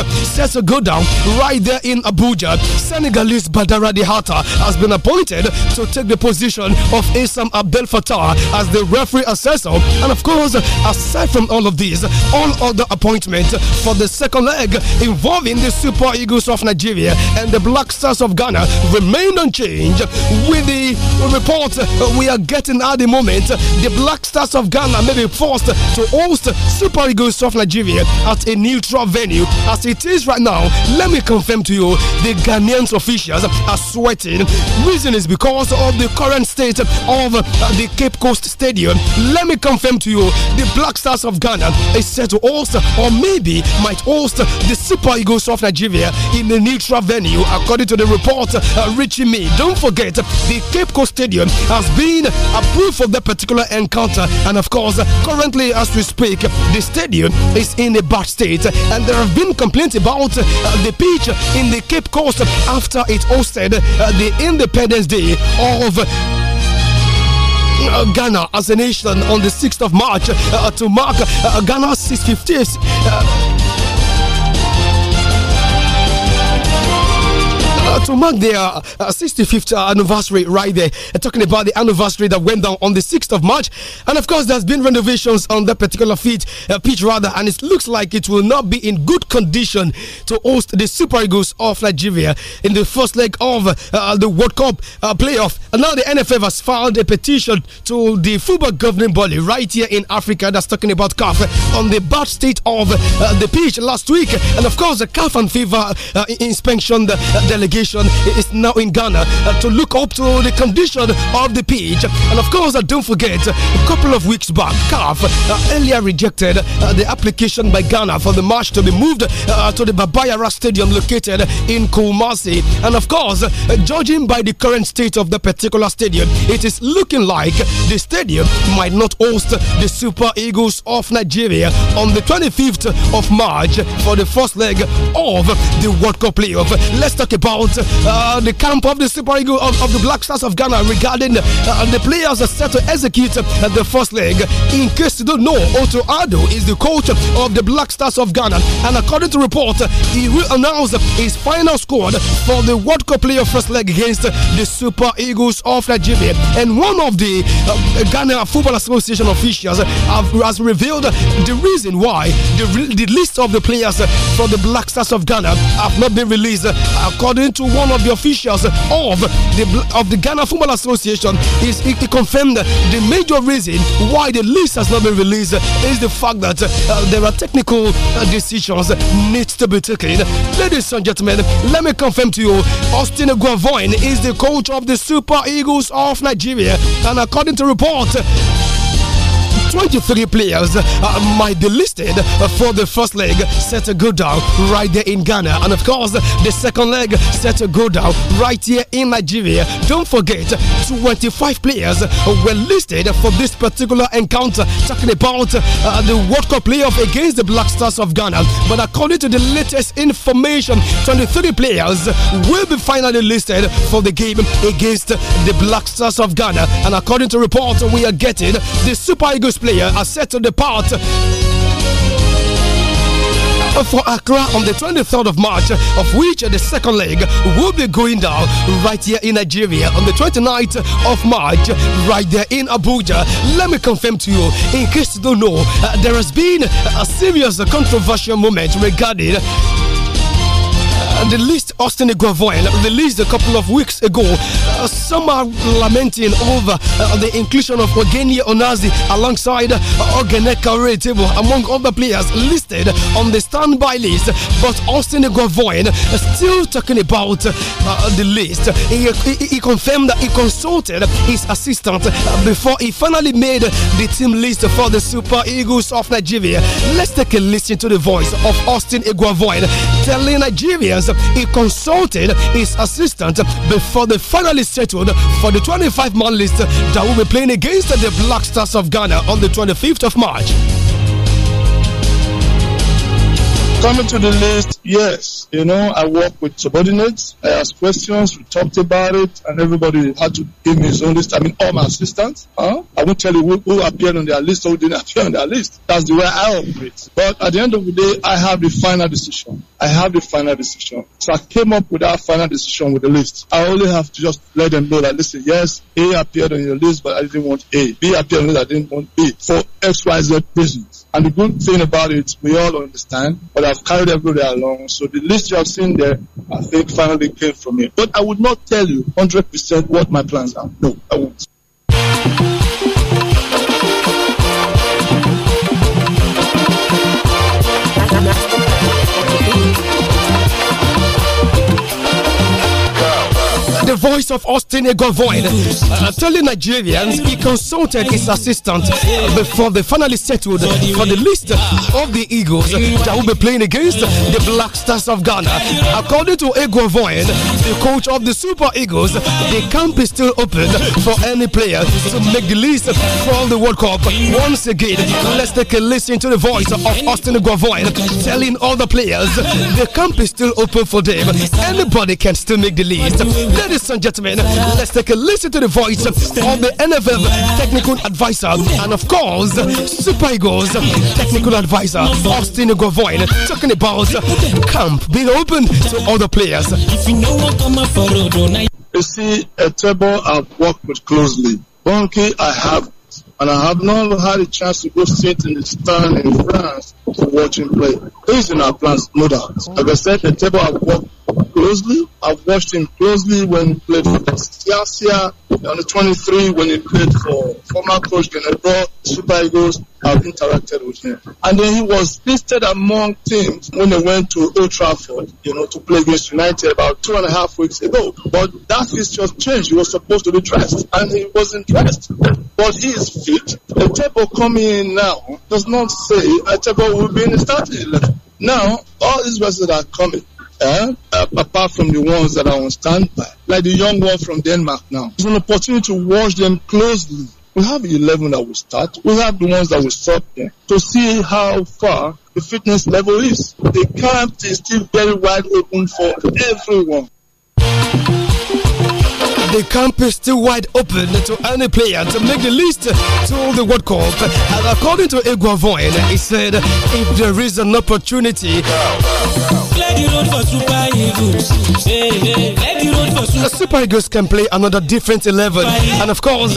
go down right there in Abuja. Senegalese Badara Dihata has been appointed to take the position of Isam Abdel Fattah as the referee assessor. And of course, aside from all of these, all other appointments for the second leg involving the Super Eagles of Nigeria and the Black Stars of Ghana remained unchanged. With the report we are getting at the moment, the Black Stars of Ghana may be forced to host Super Eagles of Nigeria at a neutral venue you, as it is right now, let me confirm to you the ghanaian officials are sweating. Reason is because of the current state of uh, the Cape Coast Stadium. Let me confirm to you the Black Stars of Ghana is set to host or maybe might host the Super Eagles of Nigeria in the neutral venue, according to the report uh, reaching me. Don't forget, the Cape Coast Stadium has been approved for that particular encounter, and of course, currently as we speak, the stadium is in a bad state, and there are have been complaints about uh, the pitch in the Cape Coast after it hosted uh, the Independence Day of uh, Ghana as a nation on the 6th of March uh, to mark uh, Ghana's 650th. uh, to mark their uh, 65th uh, uh, anniversary right there. Uh, talking about the anniversary that went down on the 6th of March. And of course, there's been renovations on that particular feet, pitch rather, and it looks like it will not be in good condition to host the Super Eagles of Nigeria in the first leg of the World Cup playoff. And now the NFF has filed a petition to the football governing body right here in Africa that's talking about CAF on the bad state of the pitch last week. And of course, the CAF and FIFA uh, inspection delegation delegation is now in Ghana uh, to look up to the condition of the pitch. And of course, uh, don't forget, a couple of weeks back, CAF uh, earlier rejected the application by Ghana for the match to be moved to the Babayara Stadium located in Kumasi. And of course, judging by the current state of the particular stadium, it is looking like the stadium might not host the Super Eagles of Nigeria on the 25th of March for the first leg of the World Cup playoff. Let's talk about about uh, the camp of the Super Eagle of, of, the Black Stars of Ghana regarding uh, the players are set to execute uh, the first leg. In case you don't know, Otto Ado is the coach of the Black Stars of Ghana, and according to report, he will announce his final squad for the World Cup player first leg against the Super Eagles of Nigeria. And one of the uh, Ghana Football Association officials have, has revealed the reason why the, the list of the players for the Black Stars of Ghana have not been released according to to one of the officials of the of the Ghana Football Association is he, he confirmed the major reason why the list has not been released is the fact that uh, there are technical uh, decisions needs to be taken. Ladies and gentlemen, let me confirm to you, Austin Guavoin is the coach of the Super Eagles of Nigeria, and according to report. 23 players uh, might be listed for the first leg set to go down right there in Ghana. And of course, the second leg set to go down right here in Nigeria. Don't forget, 25 players were listed for this particular encounter, talking about uh, the World Cup playoff against the Black Stars of Ghana. But according to the latest information, 23 players will be finally listed for the game against the Black Stars of Ghana. And according to reports we are getting, the Super Eagles player are set to depart for Accra on the 23rd of March, of which the second leg will be going down right here in Nigeria on the 29th of March, right there in Abuja. Let me confirm to you, in case you don't know, uh, there has been a serious controversial moment regarding uh, released Austin Eguavoyen, released a couple of weeks ago. Uh, some are lamenting over uh, the inclusion of Ogenia Onazi alongside uh, Ogeneka Table among other players listed on the standby list. But Austin Eguavoyen is uh, still talking about uh, the list. He, he, he, confirmed that he consulted his assistant uh, before he finally made the team list for the Super Eagles of Nigeria. Let's take a listen to the voice of Austin Eguavoyen telling Nigerians he consulted his assistant before they finally settled for the 25 man list that will be playing against the Black Stars of Ghana on the 25th of March. Coming to the list, yes, you know, I work with subordinates. I asked questions, we talked about it, and everybody had to give me his own list. I mean, all my assistants. Huh? I won't tell you who, who appeared on their list or who didn't appear on their list. That's the way I operate. But at the end of the day, I have the final decision. I have the final decision. So I came up with that final decision with the list. I only have to just let them know that listen, yes, A appeared on your list, but I didn't want A. B appeared on the list, I didn't want B for XYZ reasons. And the good thing about it, we all understand, but I've carried everybody along. So the list you have seen there, I think finally came from me. But I would not tell you 100% what my plans are. No, I won't. voice of Austin Egovoin, uh, telling Nigerians he consulted his assistant before they finally settled for the list of the Eagles that will be playing against the Black Stars of Ghana. According to Egovoin, the coach of the Super Eagles, the camp is still open for any player to make the list for the World Cup. Once again, let's take a listen to the voice of Austin Egovoin telling all the players the camp is still open for them. Anybody can still make the list. That is ladies and gentlemen, let's take a listen to the voice of the NFF technical advisor and, of course, Super Eagles technical advisor Austin Govoin talking about camp being open to all the players. You see, a table I've worked with closely. Bonke, I have and I have not had a chance to go sit in the stand in France to watch him play. He's in our plans, no doubt. Like I said, the table I've worked closely. I've watched him closely when he played for Siasia on the 23, when he played for former coach Genebro, Super Eagles. I've interacted with him. And then he was listed among teams when they went to Old Trafford, you know, to play against United about two and a half weeks ago. But that is just changed. He was supposed to be dressed, and he wasn't dressed. But he is table coming in now does not say table will be in the starting eleven. Now all these vessels that are coming, eh, uh, apart from the ones that are on standby, like the young one from Denmark now, it's an opportunity to watch them closely. We have 11 that will start. We have the ones that will stop there to see how far the fitness level is. The camp is still very wide open for everyone the camp is still wide open to any player to make the list to the World Cup. And according to Iguavoin, he said if there is an opportunity Eh, eh, the Super. Super Eagles can play another different 11, and of course,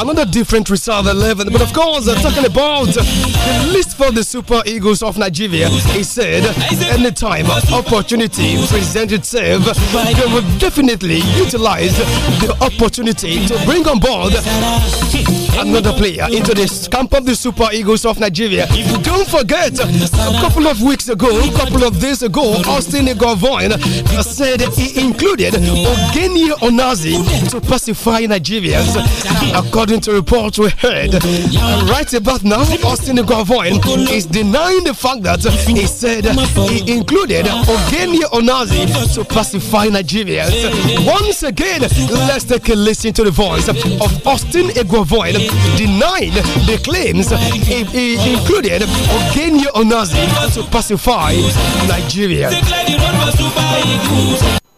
another different reserve 11. But of course, uh, talking about the list for the Super Eagles of Nigeria, he said, anytime opportunity presents itself, they will definitely utilize the opportunity to bring on board another player into this camp of the Super Eagles of Nigeria. Don't forget, a couple of weeks ago, a couple of days ago, Austin Govoin said he included Ogeni Onazi to pacify Nigerians. According to reports we heard, right about now, Austin Govoin is denying the fact that he said he included Ogeni Onazi to pacify Nigerians. Once again, let's take a listen to the voice of Austin Egovoin denied the claims it, included Ogenia Onazi to pacify Nigeria.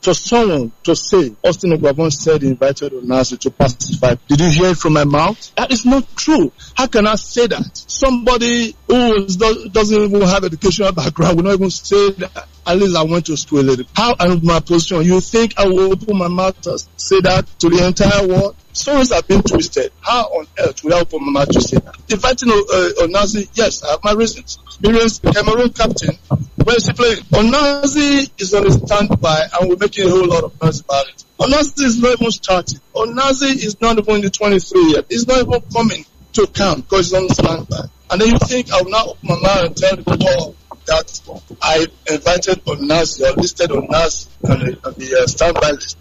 For someone to say Austin Ogbavon said he invited Onazi to pacify. Did you hear it from my mouth? That is not true. How can I say that? Somebody who doesn't even have educational background will not even say that at least I went to school a little. How am my position? You think I will open my mouth to say that to the entire world? Stories have been twisted. How on earth will I open my mouth to say that? The fighting of uh, Nazi, yes, I have my reasons. Experience Cameroon captain. Where is he playing? Onazi is on the standby and we're making a whole lot of noise about it. Onazi is not even starting. Onazi is not even in the 23 yet. He's not even coming to camp because he's on standby. And then you think I will not open my mouth and tell the world that I invited on NAS are listed on NAS on the, on the uh, standby list.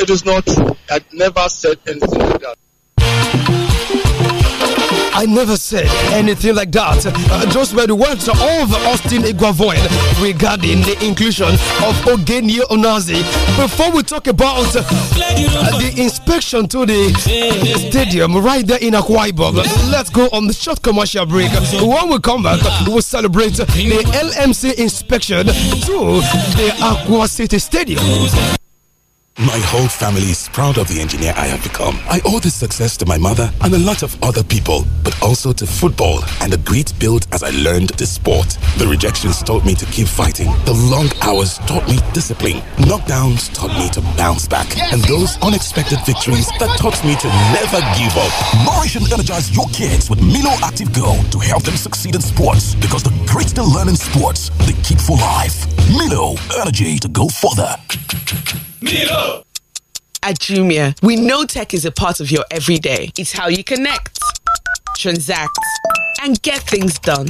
It is not true. I never said anything like that. I never said anything like that. Uh, those the words of Austin Iguavoin regarding the inclusion of Ogenie Onazi. Before we talk about uh, the inspection to the stadium right there in Akwa let's go on the short commercial break. When we come back, we'll celebrate the LMC inspection to the Aqua City Stadium. My whole family is proud of the engineer I have become. I owe this success to my mother and a lot of other people, but also to football and the great build as I learned the sport. The rejections taught me to keep fighting. The long hours taught me discipline. Knockdowns taught me to bounce back. And those unexpected victories that taught me to never give up. Nourish and energize your kids with Milo Active Girl to help them succeed in sports because the grit they learn in sports, they keep for life. Milo, energy to go further. Milo! At Jumia, we know tech is a part of your everyday. It's how you connect, transact, and get things done.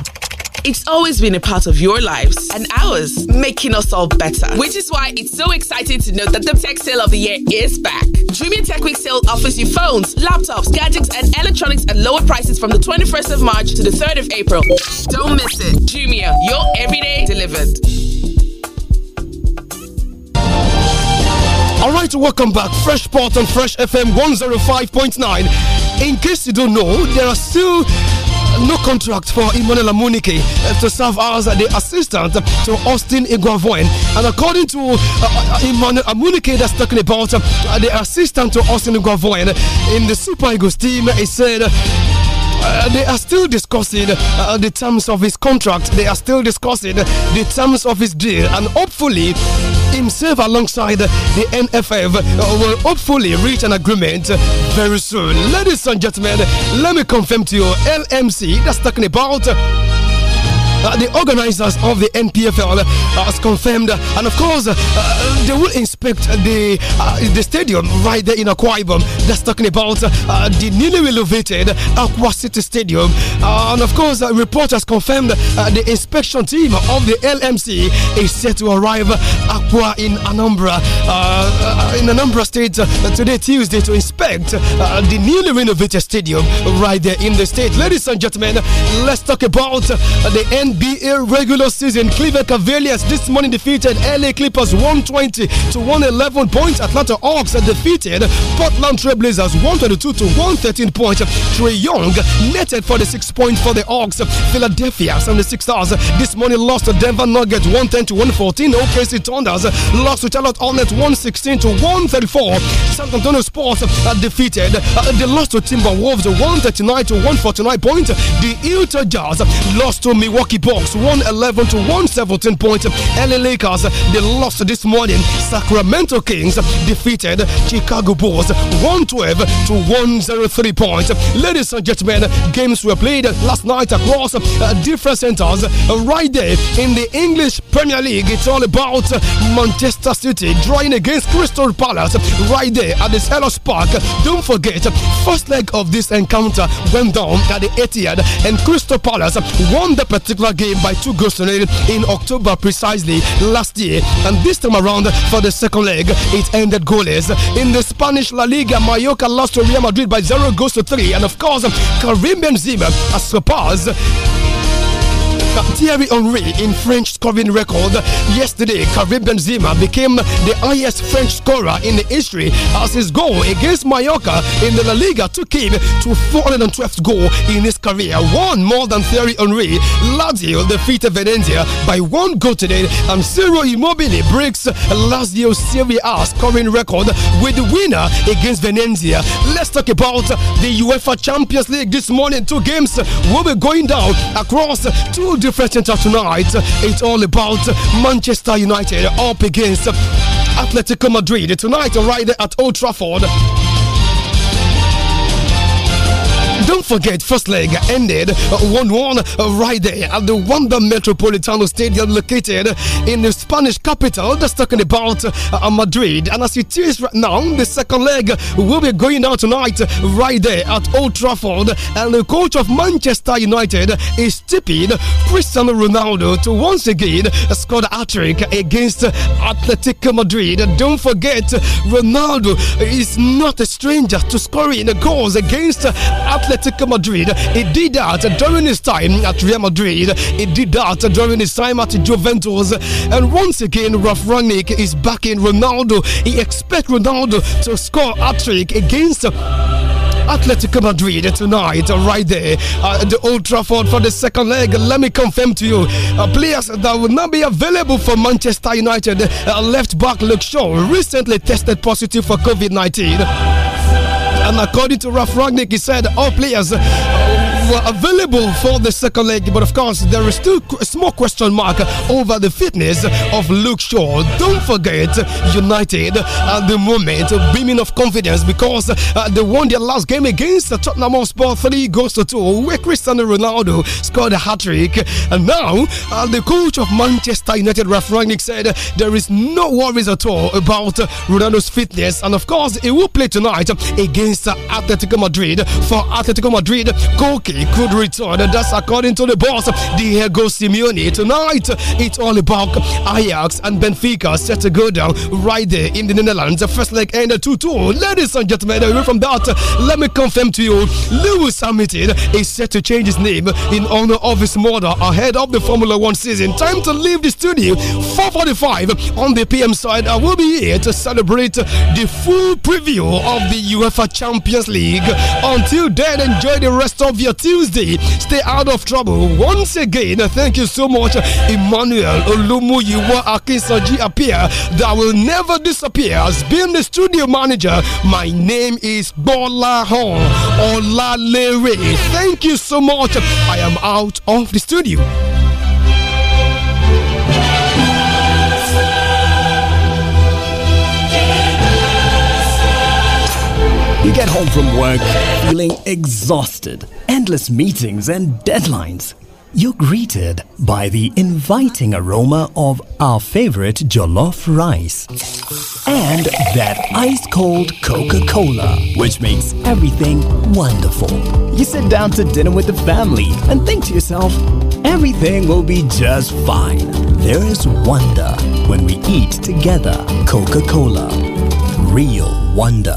It's always been a part of your lives and ours, making us all better. Which is why it's so exciting to note that the tech sale of the year is back. Jumia Tech Week sale offers you phones, laptops, gadgets, and electronics at lower prices from the 21st of March to the 3rd of April. Don't miss it. Jumia, your everyday delivered. welcome back. Fresh Port on Fresh FM 105.9. In case you don't know, there are still no contract for Imanela Munike uh, to serve as the assistant to Austin Iguavoen. And according to uh, Munike, that's talking about uh, the assistant to Austin Iguavoen in the Super Eagles team, he said. Uh, they are still discussing uh, the terms of his contract. They are still discussing the terms of his deal, and hopefully, himself alongside the NFF uh, will hopefully reach an agreement very soon. Ladies and gentlemen, let me confirm to you, LMC that's talking about uh, the organizers of the NPFL uh, has confirmed, and of course, uh, they will inspect the uh, the stadium right there in Akwa Ibom. That's talking about uh, the newly renovated Akwa City Stadium, and of course, uh, report has confirmed the inspection team of the LMC is set to arrive Akwa in Anambra in Anambra State today Tuesday to inspect the newly renovated stadium right there in the state. Ladies and gentlemen, let's talk about the end NBA regular season. Cleveland Cavaliers this morning defeated LA Clippers 120 to 111 points. Atlanta Hawks defeated Portland Trailblazers 122 to 113 points. Trey Young netted 46 points for the Hawks. Philadelphia 76ers this morning lost to Denver Nuggets 110 to 114. OKC Thunders lost to Charlotte Hornets 116 to 134. San Antonio Sports defeated. Uh, the lost to Timberwolves 139 to 149 points. The Utah Jazz lost to Milwaukee Bucks 111 to 117 points. LA Lakers they lost this morning. Sacramento Kings defeated Chicago Bulls 112 to 103 points. Ladies and gentlemen, games were played last night across uh, different centers uh, right there in the English Premier League. It's all about Manchester City drawing against Crystal Palace right there at the Selhurst Park. Don't forget, first leg of this encounter went down at the 80th, and Crystal Palace won the particular game by two goals to nil in October precisely last year. And this time around for the second leg, it ended goalless. In the Spanish La Liga, Mallorca lost to Real Madrid by zero goals to three. And of course, Caribbean Benzema has surpassed Thierry Henry infringed scoring record. Yesterday, Karim Benzema became the highest French scorer in the history as his goal against Mallorca in the La Liga took him to 412th goal in his career, one more than Thierry Henry. Lazio defeated Venezia by one goal today, and Ciro Immobile breaks Lazio's Serie A scoring record with the winner against Venezia. Let's talk about the UEFA Champions League this morning. Two games will be going down across two the first center tonight, it's all about Manchester United up against Atletico Madrid tonight, right at Old Trafford. Don't forget, first leg ended uh, 1 1 uh, right there at the Wanda Metropolitano Stadium located in the Spanish capital. That's talking about Madrid. And as it is right now, the second leg will be going out tonight right there at Old Trafford. And the coach of Manchester United is tipping Cristiano Ronaldo to once again score a trick against Atletico Madrid. Don't forget, Ronaldo is not a stranger to scoring goals against Atletico Atletico Madrid. He did that during his time at Real Madrid. He did that during his time at Juventus. And once again, Ralf Rangnick is backing Ronaldo. He expects Ronaldo to score a trick against. Atletico Madrid tonight, right there uh, the Old Trafford for the second leg. Let me confirm to you, uh, players that will not be available for Manchester United. Uh, left back Luke Shaw recently tested positive for COVID 19. And according to Ralph Ragnick, he said all players uh, available for the second leg, but of course, there is still a small question mark over the fitness of Luke Shaw. Don't forget, United at the moment beaming of confidence because uh, they won their last game against Tottenham Hotspur 3 goals to 2, where Cristiano Ronaldo scored a hat trick. And now, uh, the coach of Manchester United, Ralph Rangnick, said there is no worries at all about Ronaldo's fitness, and of course, he will play tonight against Atletico Madrid for Atletico Madrid goalkeeper. He could return, and that's according to the boss, Diego Simeone. Tonight, it's all about Ajax and Benfica set to go down right there in the Netherlands. The first leg ended 2 2. Ladies and gentlemen, away from that, let me confirm to you Lewis Hamilton is set to change his name in honor of his mother ahead of the Formula One season. Time to leave the studio 4:45 on the PM side. I will be here to celebrate the full preview of the UEFA Champions League. Until then, enjoy the rest of your Tuesday. Stay out of trouble. Once again, thank you so much, Emmanuel Olumuyiwa Akinsoji Appear, that will never disappear as being the studio manager. My name is Bola Hon Olalere. Thank you so much. I am out of the studio. home from work feeling exhausted, endless meetings and deadlines. You're greeted by the inviting aroma of our favorite jollof rice and that ice cold Coca Cola, which makes everything wonderful. You sit down to dinner with the family and think to yourself, everything will be just fine. There is wonder when we eat together Coca Cola. Real wonder.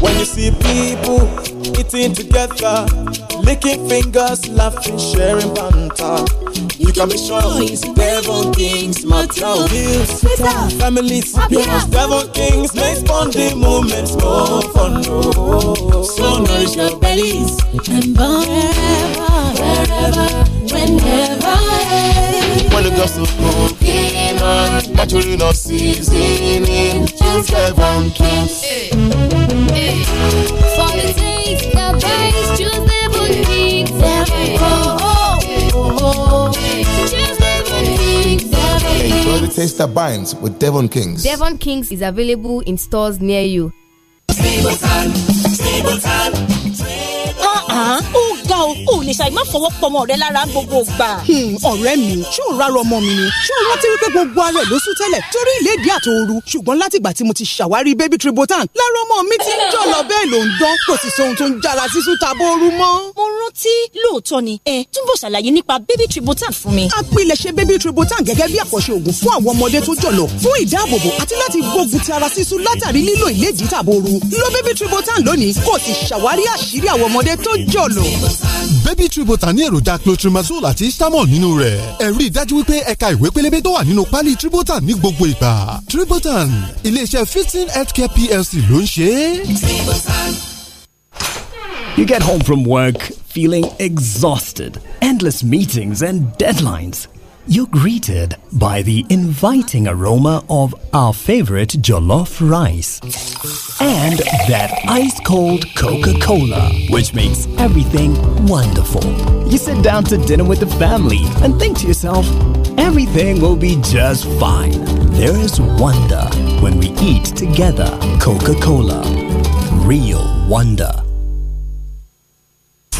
When you see people eating together, licking fingers, laughing, sharing banter. You can be sure it's devil kings, matter bills, families, because devil kings make bonding moments more fun. so nourish your bellies and bond wherever, whenever, whenever cooking seasoning. Just kiss. For the taste, the base, Oh, oh, oh, oh. Enjoy the taste that binds with Devon Kings. Devon Kings is available in stores near you. Uh-uh. o kò lè ṣàì má fọwọ́ pọmọ rẹ lára gbogbo gbà. Hmm, ọ̀rẹ́ mi ṣé ò rárọ ọmọ mi ni ṣé o rántí wípé gbogbo ara ló sún tẹ́lẹ̀ torí ìlédìí àtòoru ṣùgbọ́n látìgbà tí mo ti ṣàwárí baby tribotan lára ọmọ mi ti ń jọ̀lọ̀ bẹ́ẹ̀ ló ń dán kò sì sóhun tó ń jára sísun taboru mọ́. mo rántí lóòótọ́ ni ẹ túbọ̀ ṣàlàyé nípa baby tribotan fún mi. apilẹ̀ṣẹ̀ baby tribotan gẹ́gẹ́ bí àkọ́ṣe òògùn fún àwọn ọmọdé tó jọ̀lọ̀ fún ìdáàbòbò àti láti gbógun ti ara sísun látàrí lílo ìlédìí tàbóoru lo baby tribotan lónìí kò sì ṣàwárí àṣírí àwọn ọmọdé tó jọ̀lọ̀. ní èròjà clotrimazole àti istamol nínú rẹ̀ ẹ rí i dájú wípé ẹ̀ka ìwé pélébé tó wà nínú pálí ní gbogbo ìgbà iléeṣẹ́ fifteen healthcare plc ló ń ṣe é. You get home from work feeling exhausted, endless meetings and deadlines you're greeted by the inviting aroma of our favorite jollof rice and that ice cold Coca Cola, which makes everything wonderful. You sit down to dinner with the family and think to yourself, everything will be just fine. There is wonder when we eat together Coca Cola. Real wonder.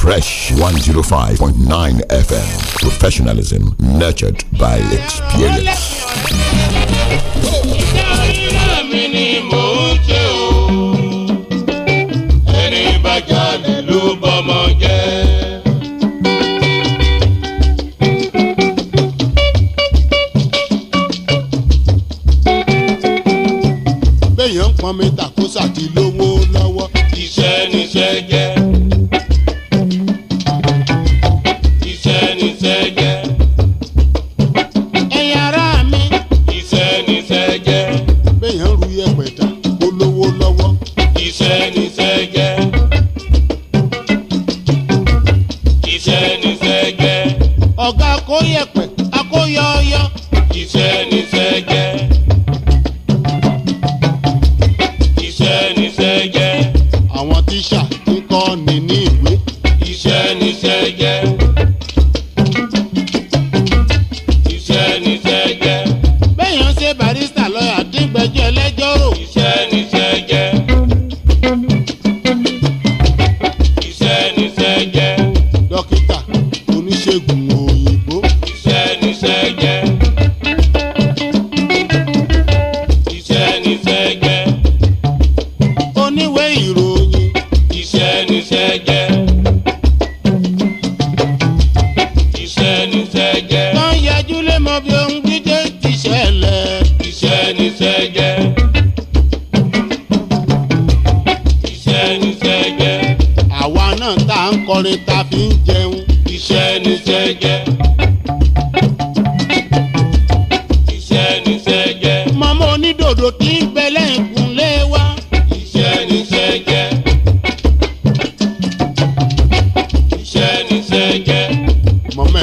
Fresh 105.9 FM. Professionalism nurtured by experience. bẹ́ẹ̀ yẹn ń pọn mi tàkó sàtì lówó lọ́wọ́. iṣẹ́ níṣẹ́ jẹ́.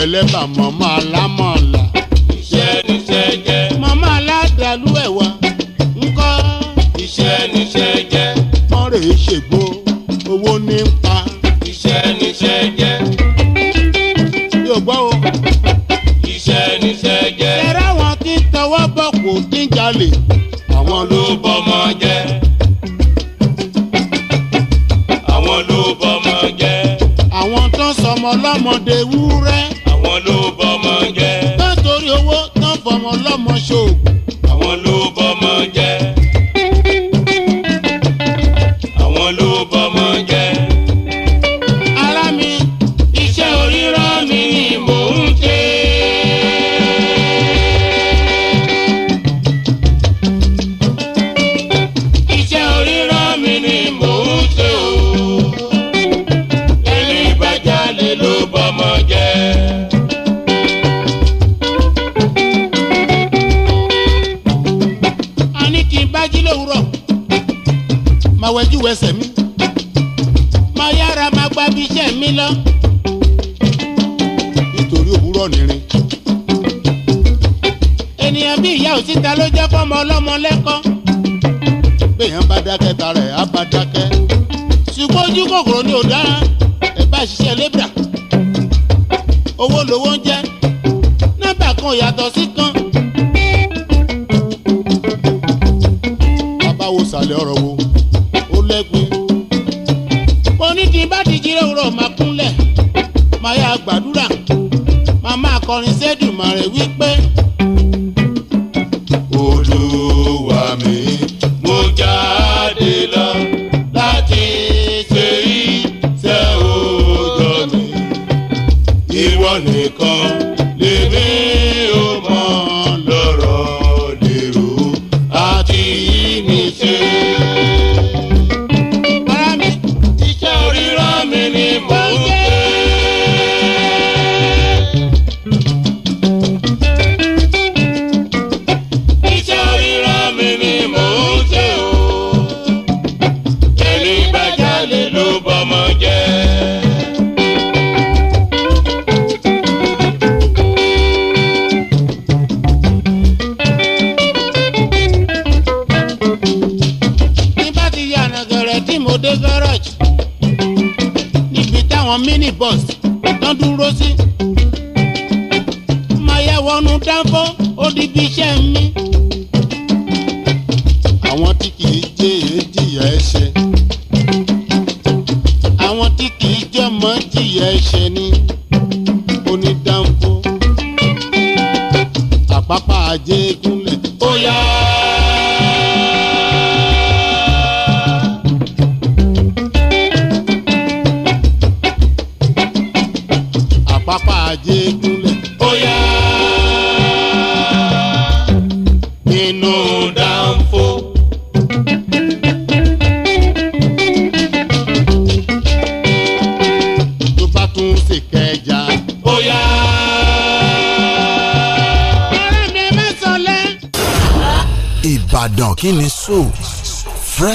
ẹlẹ́bà màmá alámọ̀ọ́lá. iṣẹ́ níṣẹ́ jẹ́. màmá aládàlú ẹ̀wà ńkọ́. iṣẹ́ níṣẹ́ jẹ́. mọ́rẹ̀ é ṣègbó owó ní ń pa. iṣẹ́ níṣẹ́ jẹ́. yóò gbọ́ o. iṣẹ́ níṣẹ́ jẹ́. ẹ̀rọ àwọn tí ń tọwọ́ bọ̀ kò tí ń jalè. àwọn ló bọ́mọ jẹ́. àwọn ló bọ́mọ jẹ́. àwọn tó sọmọ lọ́mọdé. lọ́nu dáńfọ́ ó di bí iṣẹ́ mi. àwọn tí kì í jẹ́ èéjìyà ẹ̀ṣẹ̀ àwọn tí kì í jẹ́ mọ́ jìyà ẹ̀ṣẹ̀ ni.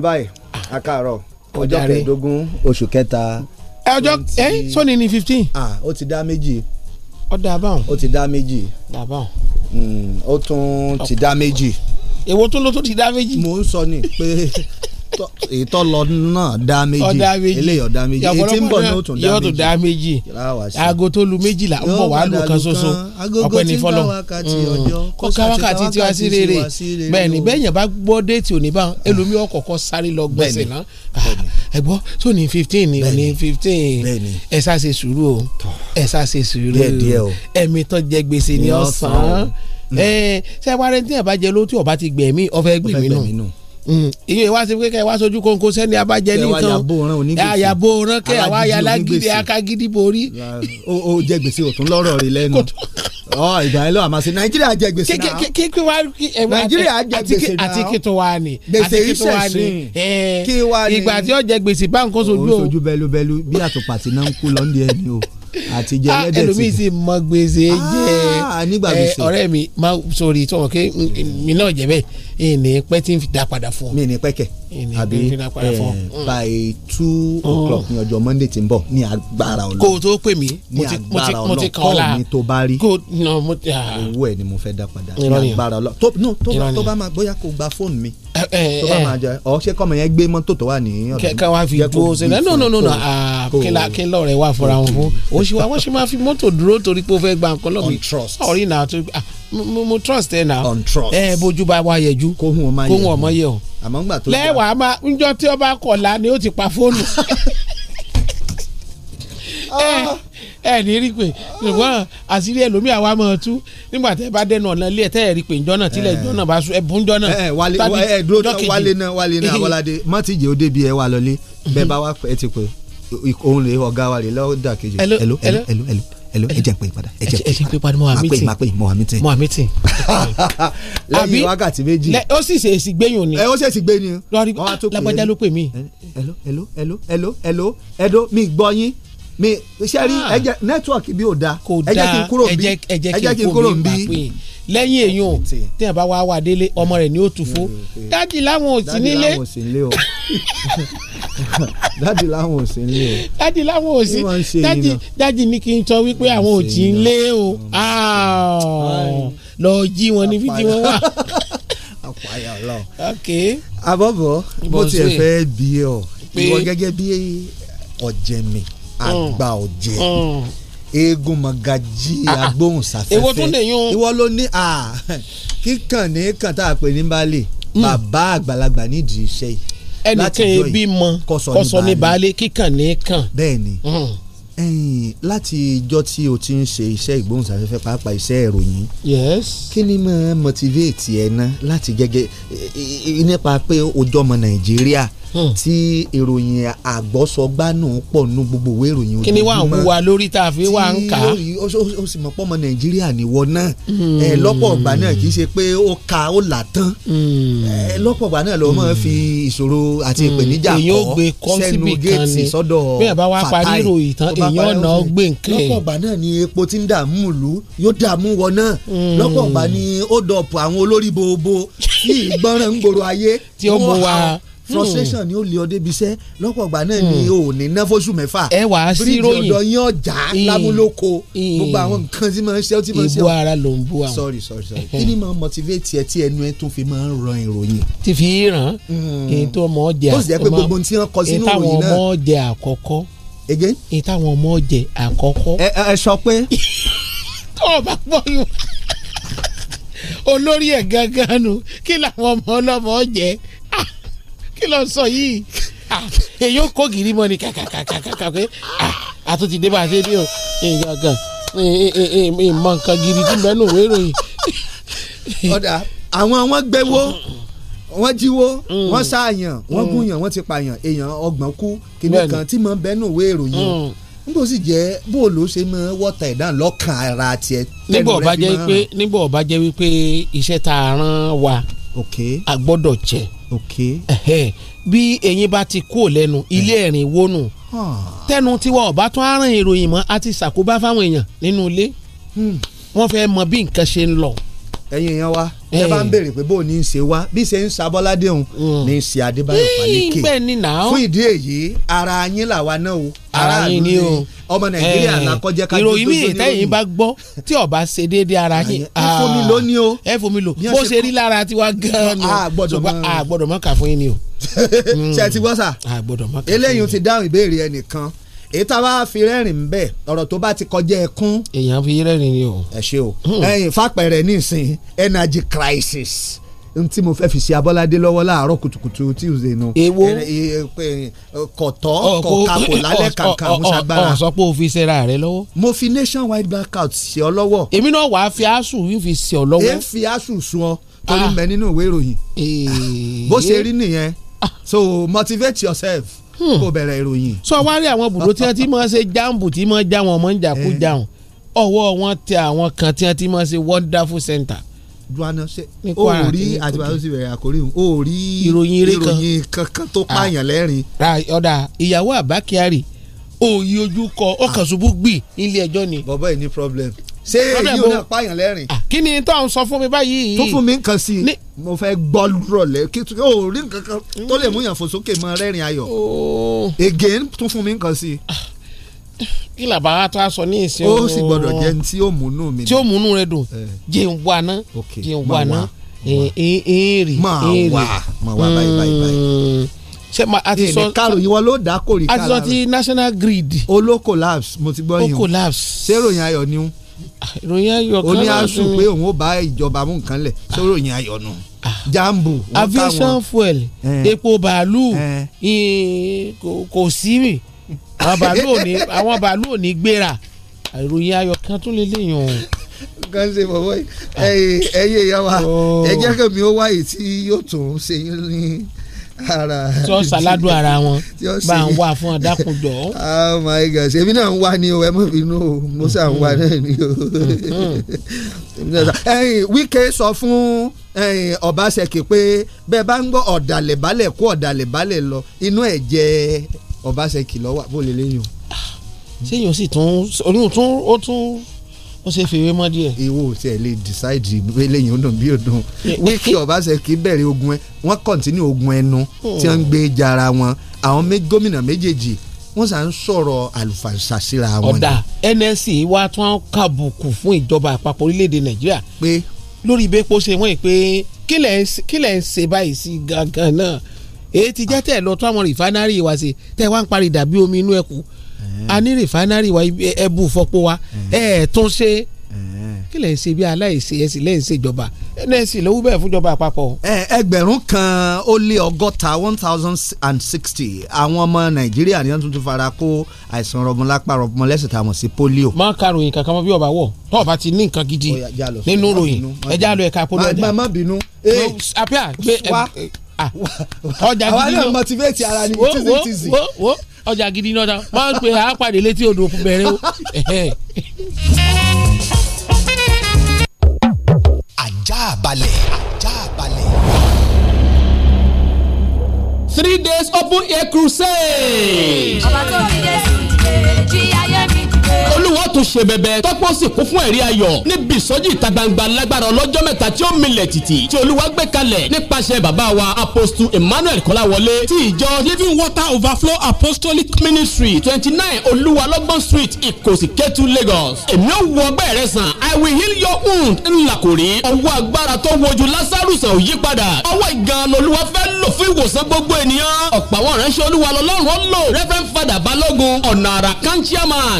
ní báyìí àkàrọ̀ ọjọ́ kẹẹ̀ẹ́dógún oṣù kẹta. ọjọ́ ẹ sọ́ni ní fifteen. ah ó ti dá méjì. ó dá báwọn. ó ti dá méjì. dá báwọn. Mm, ó tún ti dá méjì. èwo tún ló tún ti dá méjì. mò ń sọ ni pé èyí tó lọ náà dá méjì ọ̀dá méjì eléyìí ọ̀dá méjì èyí tí ń bọ̀ náà tún dá méjì yóò tún dá méjì aago tó lu méjìlá ń bọ̀ wàá lù kan ṣoṣo ọpẹ́ ní fọlọ́ kó ká wákàtí tí wàá sí rere bẹ́ẹ̀ ni bẹ́ẹ̀ yẹn bá gbọ́ déètì òní bá ah. ẹlòmí ọkọ̀ọ̀kọ̀ sáré lọ gbẹ̀sẹ̀ náà ah, ẹ tó ní fifteen ní òní fifteen ẹ sá ṣe sùúrù o ẹ sá ṣe sùúrù ẹ̀mí tó jẹ gbèsè ní ọ̀sán mm. ẹ ṣé wàá rẹ ní tí ẹ bá jẹ ló tí ọba ti gbẹ̀mí ọfẹ gbẹ̀mí náà Mm. ìyẹn wá sí pé kẹ́ ẹ wá sojú kóńkó sẹ́ni abájẹ nìkan àyàbò rán kẹ́ ẹ wá yalágídí akágídí borí. o jẹ gbèsè òtún lọ́rọ̀ rẹ lẹ́nu ọ ìgbà yẹn lọ àmọ́ sí nàìjíríà jẹ gbèsè náà kí wá nàìjíríà jẹ gbèsè náà àti kí tó wá ní gbèsè ìṣẹ̀sìn kí wá ní ìgbà tí ó jẹ gbèsè báńkó sojú o. o sojú bẹlubẹlu bí àtùpà tí náà ń kú lọ́ndì ẹ̀ ni o àti jẹ ah, ẹlẹ́dẹ̀ tí ẹlòmíì sì mọ gbèsè jẹ ah, ọ̀rẹ́ mi má sori tí wọn kí mi náà jẹ bẹ́ẹ̀ ìní pẹ́ tí ń fi dá padà fún ọ. mi ní pẹ́kẹ̀ àbí eh, mm. by two o'clock ní ọjọ́ monday tí ń bọ̀ ní agbára ọlọ́run. kó o tó pè mí mo ti kàn ọ́ la mi tó bá rí ah. owó ẹ̀ ni mo fẹ́ dá padà ní agbára ọlọ́run tó bá máa bóyá kó gba fóònù mi eh, eh, tó bá máa jẹ ọ ṣé kọ́mọ yẹn gbé mọ́tò tó wà ní ọ̀dọ̀ kẹ́kẹ́ wá fi dúró sílẹ̀ no no no no kílà kílà ọ̀rẹ́ wà fúnra wọn fún òṣìwà wọ́n ṣe máa fi mọ́tò dúró torí pé ó fẹ́ gba nǹkan lọ́gbìn mo trust ẹ náà on trust ẹ bójú bá wa yẹjú kó hun ọmọ yẹ kó hun ọmọ yẹ o àmọ́ ngbà tó lẹ́wàá máa njọ́ tí ọba kọ̀ọ̀la ni ó ti pa fóònù ah. ẹ ní rí pé ṣùgbọ́n àṣírí ẹlòmíà wa mọ̀ tú nígbà tẹ́ bá dẹnu ọ̀nà ilé ẹ̀ tẹ́ ẹ̀ rí pé ǹjọ́ náà tílẹ̀ eh. ǹjọ́ náà bá sùn ẹ̀ bùnjọ́ náà. Eh, ẹ wálé wálé náà wálé náà Abọ́ládé mọ́tìjì ó débi ẹ wà lọlé bẹ́ẹ̀ bá wà ẹ ti pé òun rèé ọ̀gá wa rèé lọ́dà kejì. hello hello hello hello hello ẹ jẹ́ n pè é padà ẹ jẹ́ n pè é padà mo wà meeting máa pè é mo wà meeting. mo wà meeting. lẹ́yìn wákàtí méjì. ó sì ṣe èsì gbẹ̀yìn òní. ó ṣe èsì gbẹ̀yìn òní. lọ́ọ̀rì lágbájá ló pè mí. hello hello hello hello hello hello mi gbọ́ yín mi ṣe rí ah. ẹjẹ nẹ́tíwọ̀kì bí ò da ẹjẹ kí n kúrò nbí ẹjẹ kí n kúrò nbí. lẹ́yìn èyàn o tí ẹ̀ bá wá wà délé ọmọ rẹ̀ ni ó tu fó dáàdì láwọn ò sí nílé dáàdì láwọn ò sí nílé o dáàdì láwọn ò sí dáàdì dáàdì ní kí n sọ wípé àwọn ò tí ń o ah. lọ jí wọn níbi tí wọ́n wà. àpáyà ọlọ. abọ́bọ̀ bó tiẹ̀ fẹ́ bí ọ ìwọ gẹ́gẹ́ bí ọ̀jẹ̀mí àgbà ọ̀jẹ̀ mm. mm. eégún mọ̀gájí ah. agbóhùnsáfẹ́fẹ́ ìwọ tún lè yún ìwọ ló ní kíkàn ní kàn tá a pè ní baálé mm. bàbá àgbàlagbà nídìí iṣẹ́ yìí ẹnìkan ebi mọ kọsọ ní baálé kíkàn ní kàn bẹ́ẹ̀ ni láti ìjọ́ tí o ti ń ṣe iṣẹ́ ìgbóhùnsáfẹ́fẹ́ pàápàá iṣẹ́ ìròyìn. yes. kí ni mo motivate ẹ ná láti gẹ́gẹ́ nípa pé ojọ́ ọmọ nàìjíríà hmm. tí ìròyìn àgbọ́sọgbánú pọ̀ nú gbogbo ìwé ìròyìn ojoojúmọ́. kí ni wà á wúwa lórí tá a fi wà á ń kà á. o sì mọ̀ pọ́ ọmọ nàìjíríà nìwọ náà hmm. lọ́pọ̀ ọ̀gbà náà kì í ṣe pé ó ka ó là tán hmm. lọ́pọ̀ ọ̀gbà náà ló máa fi ìṣòro àti ìpèníjà kọ́ sẹ́nu géètì sọ́dọ̀ fatai èyí bá èèyàn ọ̀nà ọgbẹ́ nǹkan ẹ̀. náà ni epo ti ń dààmú ìlú yóò dààmú wọn náà hmm. lọ́pọ̀ ni ó dọ̀pọ̀ àwọn olórí bobo tí ìgbọràn ń gbòòrò ayé tí ó mú wa hmm. frustration ni ó lè ọdẹ bí iṣẹ́ lọ́pọ̀ náà ni hmm. ò ní ná fóṣù ẹ wà sí ròyìn bíríìjì ọ̀dọ̀ yín ọjà lámúlòkó gbogbo àwọn nǹkan tí máa ń ṣe tí máa ń ṣe. ìbú ara ló ń bú àwọn. sorry sorry sorry kí ni máa motivate ẹ tí ẹnu ẹ tó fi máa ń ran ìròyìn. ti fi ràn kí n tó mọ jẹ àkọ́kọ́ kí táwọn ọmọ jẹ àkọ́kọ́ again. èyí táwọn ọmọ jẹ àkọ́kọ́. ẹ ẹ sọ pé. tó o bá pọ̀ yùn olórí ẹ̀ gangan nu kí làwọn ọmọ ọlọ́mọ jẹ kí ló sọ yìí ah, èyí ó kó gírí mọ́ ni kàkàkàkàkà pé àtúntì ah, dé bá a ṣe dé o èyí gangan èyí mọ nǹkan gidi tí mẹ́nu wérò yìí. ọ̀dà àwọn àwọn gbẹ́wó wọ́n jíwó mm. wọ́n ṣàyàn wọ́n mm. gúnyàn wọ́n ti pààyàn èèyàn ọgbọ̀n kú kìnìún kan tí mo bẹ́nu ìwé ìròyìn níbo mm. sì jẹ́ bóòlù ṣe mọ wọ́tà ẹ̀dá lọ́kàn ara tiẹ̀. níbo ọba jẹ́ wípé níbo ọba jẹ́ wípé iṣẹ́ tá a rán wa a gbọ́dọ̀ jẹ́ bí eyín bá ti kú lẹ́nu eh. ilé ẹ̀rín wónú ah. tẹnu tiwa ọba tún á ràn ìròyìn mọ́ àti ṣàkóbá fáwọn èèyàn nínú ilé hmm. wọ́n fẹ́ mọ bí nǹkan ṣe ń lọ. ẹ̀yin èèyàn wa ẹ bá ń eh. béèrè pé bó ní í ṣe wá bí ṣe ń sabọ́ládé òun mm. ní í ṣe adébáyọ̀ fálékè fún ìdí èyí ara yín làwa náà o ara ni o ọmọ nàìjíríà làkọjẹ ká gbogbo eh, ní ìròyìn mi ìtẹ̀yìn bá gbọ́ tí ọba ṣe déédéé ara yín ẹ fún mi ah, ló ní o ẹ fún mi lò bó ṣe rí lára tiwa gan-an ni a gbọ́dọ̀ mọ́ kà fún yín ni o. Mm. ṣe ti gbọ́ eléyìí ti dáhùn ìbéèrè ẹnìkan èyí tá a bá fi rẹ́rìn ń bẹ̀ ọ̀rọ̀ tó bá ti kọjá ẹkún. èèyàn fi rẹ́rìn ni o. ẹ ṣe o hmm. ẹyin fapẹ̀rẹ̀ nísìn energy crisis n tí mo fẹ́ fi ṣe abọ́ládé lọ́wọ́ láàárọ̀ kùtùkùtù tuesday nu. èwo kọ̀tọ́ kọ̀kakò lálẹ́ kàǹkà musagbara. ọ̀sọ́ pé o fi ṣera rẹ lọ́wọ́. mo fi nationwide blackout ṣe ọ lọ́wọ́. èmi náà wàá fi asuu yìí fi ṣe ọ lọ́wọ́. èé fi asuu sun ọ torí mẹ ah. nínú ìwé ìròyìn. Eh. bó ṣe rí nìyẹn ah. so motivate yourself Hmm. kó bẹ̀rẹ̀ ìròyìn. sọ wá rí àwọn bùdó tí wọ́n ti máa ṣe jáàmù tí máa já wọn mọ́ ń jà kú já eh. wọn ọwọ́ wọn tẹ àwọn kan tí wọ́n ti máa ṣe wonderful center. duana ṣe o ò rí àtibáyọ sí bẹ̀rẹ̀ àkórí o ò rí ìròyìn kankan tó ah. pààyàn lẹ́rìn. ọ̀dà ìyàwó àbá kyari òòyì ojú kọ ọkàn ah. ṣubú gbì ilé ẹjọ́ ni. bàbá yìí ní problem ṣé èyí ò náà pààyàn lẹ́rìn. Ah, kí ni tó à ń sọ fún mi báyìí. tó fún mi nǹkan sí i mo fẹ́ gbọ́ rọlẹ̀ kí o rí nǹkan kan tó lè mú yàn fò sókè mọ rẹ́rìn ayọ̀ oh. again tó fún mi nǹkan sí i. Ah, kí làbá wa tó a sọ ní ìsìn o. ó sì gbọdọ̀ jẹ́ ní tí ó múnú mi. tí ó múnú rẹ dùn eh. jẹun wà ná jẹun wà ná èrè eh, eh, èrè máa wà báyìí báyìí báyìí mm. ṣe ma a ti sọ èdè karo ìwọ ló dá kórìíra a ti sọ ti national grid. o lo collapse mo ti gbọ́ yín o collapse. ṣé ìròyìn ayọ̀ ni o ìròyìn ayọ̀ kan láti mi. oníhàsù pé òun ó bá ìjọba mú nǹkan lẹ̀ sórí òyìn ayọ̀ nù ah. jambu. aviation fuel eh. epo bàálù eh. kò sí mi àwọn bàálù ò ní gbéra ìròyìn ayọ̀ kan tún lè léyìn o kan ṣe bọ̀bọ̀ ah. ẹ̀yẹ ìyá wa oh. ẹ̀jẹ̀ kan ó wáyé tí yóò tún ṣe yín ní tí wọ́n ṣàládù ara wọn bá ń wá fún ọ̀dàkùnjọ́. oh my gosh èmi náà ń wá ní o ẹ mọ̀ bínú o mo ṣà ń wá mm-hmm. náà ní o. Mm-hmm. Wíkẹ́ sọ fún Ọbaṣẹ́kì pé bẹ́ẹ̀ bá ń gbọ́ ọ̀dàlẹ̀ balẹ̀ kó ọ̀dàlẹ̀ balẹ̀ lọ inú ẹ̀ jẹ́ Ọbaṣẹ́kì lọ́wọ́ bó lè léyìn o. Ah, ṣé èèyàn sì tún ó tún ó ṣe fèrè mọ́ díẹ̀. ìwọ ò tiẹ̀ lè decide eléyìí ó dùn bí ó dùn wíkì ọbaṣẹ́kì bẹ̀rẹ̀ ogun ẹ wọ́n kọ̀ntínú ogun ẹnu hmm. tí wọ́n ń gbé jara wọn àwọn gómìnà méjèèjì wọ́n sà ń sọ̀rọ̀ àlùfàṣà síra wọn. ọ̀dà NLC wa tún á kàbùkù fún ìjọba àpapọ̀ orílẹ̀-èdè Nàìjíríà pé lórí ìbẹ́pọ̀ ṣe wọ́n pé kílẹ̀ ń ṣe báyìí sí gangan náà èyí ti jẹ́ tẹ̀ lọ tó àwọn rìfánárì wa ṣe tẹ̀ wá ń parí dàbí omi inú ẹ̀kú a ní rìfánárì wa ẹbù fọpo wa ẹ mm. ṣe mm. kí lè ṣe bí aláìsè ẹ sì ṣe ìjọba nẹ́ẹ̀sì lówó bẹ́ẹ̀ fúnjọba àpapọ̀. ẹgbẹ̀rún kan ó lé ọgọ́ta one thousand and sixty àwọn ọmọ nàìjíríà ni wọ́n tún ti fara kó àìsàn rọ̀gbọ̀n lápá tá a mọ̀ sí polio. má ka ròyìn kankan mọ́ bí ọba wọ̀ tó ọba ti ní nǹkan gidi nínú ròyìn ẹja lọ ẹ̀ka polio ọjà. má bínú. àpẹ́à eh, gbé ọjà gidi náà àwọn motivate ara ni tizitizi. ọjà gidi náà máa ń pe àápàdé létí odò bẹ̀rẹ̀ o. ajá balẹ̀ ajá balẹ̀. three days open air crusade. ọba tó fi dé sí ilé jíyá olúwa tún ṣe bẹ̀bẹ̀ tọ́pọ̀ sì kún fún ẹ̀rí ayọ̀ níbi ìsọjí ìta gbangba lágbára ọlọ́jọ́ mẹ́ta tí ó milẹ̀ tìtì tí olúwa gbé kalẹ̀ nípasẹ̀ bàbá wa apostle emmanuel kọ́láwọlé ti ìjọ living water overflow apostolic ministry twenty nine olúwa lọ́gbọ́n street ìkòsíkẹ́tù lagos èmi ò wọ ọgbẹ́ rẹ sàn i will heal your wound ńlá kò rí ọwọ́ agbára tó wojú lazarus ò yí padà ọwọ́ ìgan lolúwa fẹ́ lò fún ìwòsàn gbogbo ènìyàn ọ̀pọ̀ àwọn reverend father balógun ọ̀nà àràkàn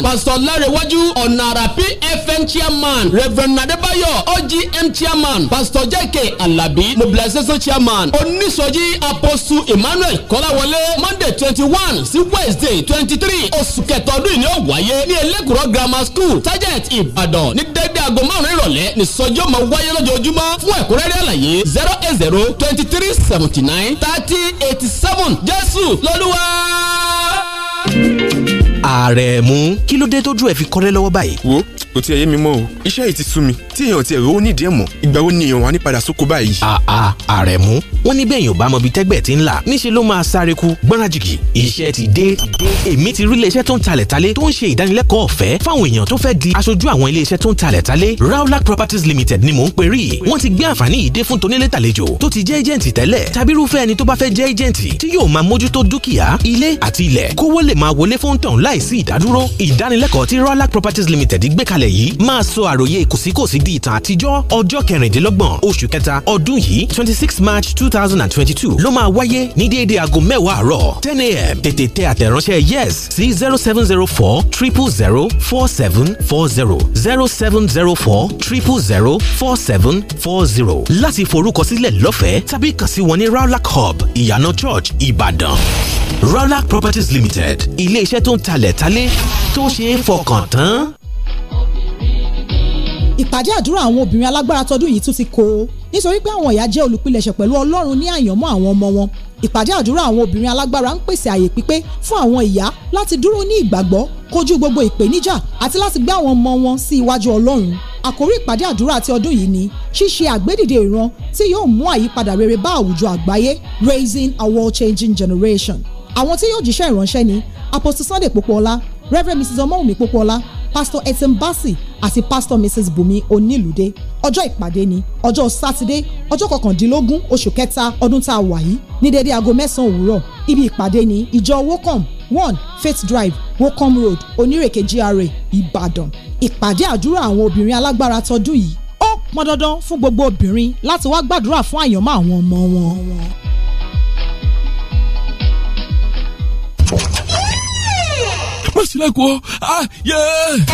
pastor ọ̀làrẹ̀wájú ọ̀nà àrà pfn chairman reverend adébáyọ̀ ogm chairman pastor jẹ́kẹ̀ alábí mobilization chairman onísọjí apostle emmanuel kọ́láwọlé monday twenty one sí wednesday twenty three oṣù kẹtọ ọdún ìní ọ̀wáyé ní elégùrọ̀ grammar school target ìbàdàn ní dédé aago márùn-ún ìrọ̀lẹ́ nìsọjí máa wáyé lójoojúmọ́ fún ẹ̀kúnrẹ́rẹ́ àlàyé zero eight zero twenty three seventy nine thirty eighty seven jésù lọ́lúwa. thank you Àrẹ̀mú kí ló dé tójú ẹ̀ fi kọ́rẹ́ lọ́wọ́ báyìí. wo kò tiẹ̀ yé mi mọ́ o iṣẹ́ yìí ti sú mi tí èèyàn tiẹ̀ rówó nídìí ẹ̀ mọ́ ìgbà wo ni èèyàn wà ní padà sóko báyìí. àà Àrẹ̀mú wọn ní bẹ́ẹ̀ yóò bá mọbi tẹ́gbẹ̀ tí ń là níṣẹ́ ló máa sáré ku gbọ́nrajìkì iṣẹ́ ti dé. èmi ti rí iléeṣẹ́ tó ń talẹ̀ talé tó ń ṣe ìdánilẹ́kọ̀ọ́ ọ̀fẹ́ fáwọn èèyàn tó fẹ́ di Properties Limited ni mò ń perí wọ́n ti gbé àǹfààní yìí dé fún tonílé tàlejò tó ti jẹ́ ẹjẹ̀ǹtì tẹ́lẹ̀ tàbí irúfẹ́ ẹni tó bá fẹ́ jẹ́ ẹjẹ̀ǹtì láìsí ìdádúró ìdánilẹ́kọ̀ọ́ tí Rawlac Properties Limited gbé kalẹ̀ yìí máa sọ àròyé kòsíkòsí di ìtàn àtijọ́ ọjọ́ kẹrìndínlọ́gbọ̀n oṣù kẹta ọdún yìí twenty six march two thousand and twenty two ló máa wáyé ní déédéé aago mẹ́wàá àárọ̀ ten a.m. tètè tẹ àtẹ̀ránṣẹ́ yes sí zero seven zero four triple zero four seven four zero zero seven zero four triple zero four seven four zero láti forúkọsílẹ̀ lọ́fẹ̀ẹ́ tàbí kàn sí wọn ní Rawlac hub ìyànà church Ìbàdàn Rawlac Properties Limited ilé iṣẹ́ tó ń talẹ̀ kanlẹ̀ tálé tó ṣeé fọkàn tán ìpàdé àdúrà àwọn obìnrin alágbára tọdún yìí tún ti kó o nítorí pé àwọn ìyá jẹ́ olùpilẹ̀ṣẹ̀ pẹ̀lú Ọlọ́run ní àyànmọ́ àwọn ọmọ wọn ìpàdé àdúrà àwọn obìnrin alágbára ń pèsè àyè pípé fún àwọn ìyá láti dúró ní ìgbàgbọ́ kojú gbogbo ìpèníjà àti láti gbé àwọn ọmọ wọn sí iwájú Ọlọ́run àkórí ìpàdé àdúrà ti ọdún yìí ni ṣíṣe àgbédìde ìran tí yóò mú àyípadà rere bá àwùjọ àgbáyé raising a world changing generation àwọn tí yóò jíṣẹ́ ìránṣẹ́ ni apostle sunday popoola reverend mrs ọmọwùmí popoola pastor etin bassi àti pastor mrs bùnmi onílùdé ọjọ́ ìpàdé ni ọjọ́ sátidé ọjọ́ kọkàndínlógún oṣù kẹta ọdún tá a wà yìí ní dédé aago mẹ́sàn-án òwúrọ̀ ibi ìpàdé ni ìjọ wocom one faith drive wocom road onírèké GRA ìbàdàn ìpàdé àdúrà àwọn obìnrin alágbára tọdún yìí ó pọn dandan fún gbogbo obìnrin láti wá gbàdúrà fún àyànmọ́ àwọn ọmọ wọn. má sílẹ̀kùn o. Ah,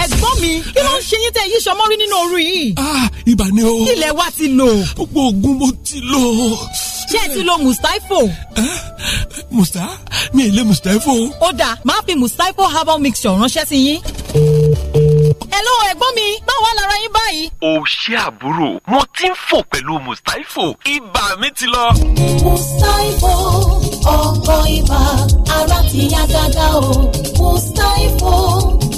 ẹ̀gbọ́n mi kí ló ń ṣe yín tẹ yí sọmọ rí nínú òru yìí. Ah, ibà ni o. ilẹ̀ wa ti lò. gbogbo oògùn mo ti lò. ṣé ẹ ti lo mustapho. Eh, musta mi ì lé mustapho. ó dáa máa fi mustapho herbal mixture ránṣẹ́ sí yín hello ẹ̀gbọ́n mi báwo lára yín báyìí. o ṣé àbúrò wọn ti ń fò pẹ̀lú mustapho ibà mi ti lọ. mustapho ọkọ ibà ara ti yá gágá o mustapho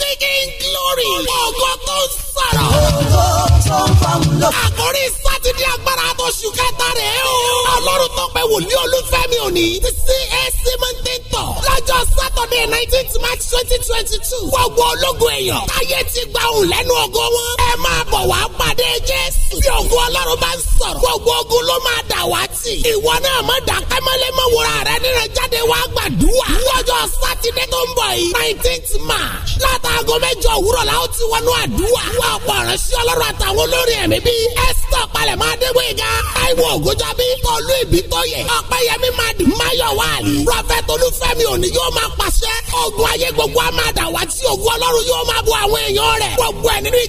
taking glory. Ògo tó ń sọ̀rọ̀. Ògo tó ń fa wùlọ. Àkórí Sátidé agbára tó ṣù kẹta rẹ̀ o. Ọlọ́run tó pẹ́ wòlíì olúfẹ́mi òní. Ti CAC Mọ́ntẹ́ntọ̀. Lọ́jọ́ Sátọ̀dé nineteenth March twenty twenty two. Gbogbo ológun èèyàn. Táyé ti gbà òun lẹ́nu ògo wọn. Ẹ máa bọ̀ wá pa ọlọ́run bá ń sọ̀rọ̀ gbogbo ogun ló máa dà wá tì ìwọ náà má dà kẹ́mọ́lẹ́ mọ́ wúra rẹ nínú jáde wá gbàdúrà lọ́jọ́ sátidé tó ń bọ̀ yìí nineteenth march látàgọ́ mẹ́jọ òwúrọ̀ la ó ti wọnú àdúrà wà ọ̀pọ̀ ìránṣẹ́ ọlọ́run àtàwọn olórí ẹ̀mí bíi esther palẹ̀mọ́ adégbèga aiwo ògójábí tọ́lú ìbítọ́yẹ̀ ọ̀pẹ́yẹmí madi mayowali prọfẹ̀t olúfẹ́mi òní yóò máa pàṣẹ ogun ayé gbogbo a máa dà wá tí ogun ọlọ́run yóò máa bọ àwọn èèyàn rẹ̀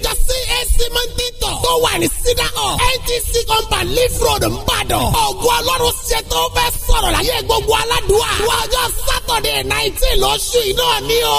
gbogbo ẹ̀ ATC compound leaf road nìbàdàn. ọ̀gbọ́n ọlọ́run ṣe tó fẹ́ sọ̀rọ̀ láyé gbogbo aládùúgbò. wọ́n ọjọ́ sátọ̀dẹ̀ nineteen lóṣù iná ni o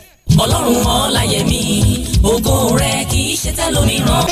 ọlọ́run mọ́ láyé mi ògo rẹ kì í ṣe tẹlòmíràn.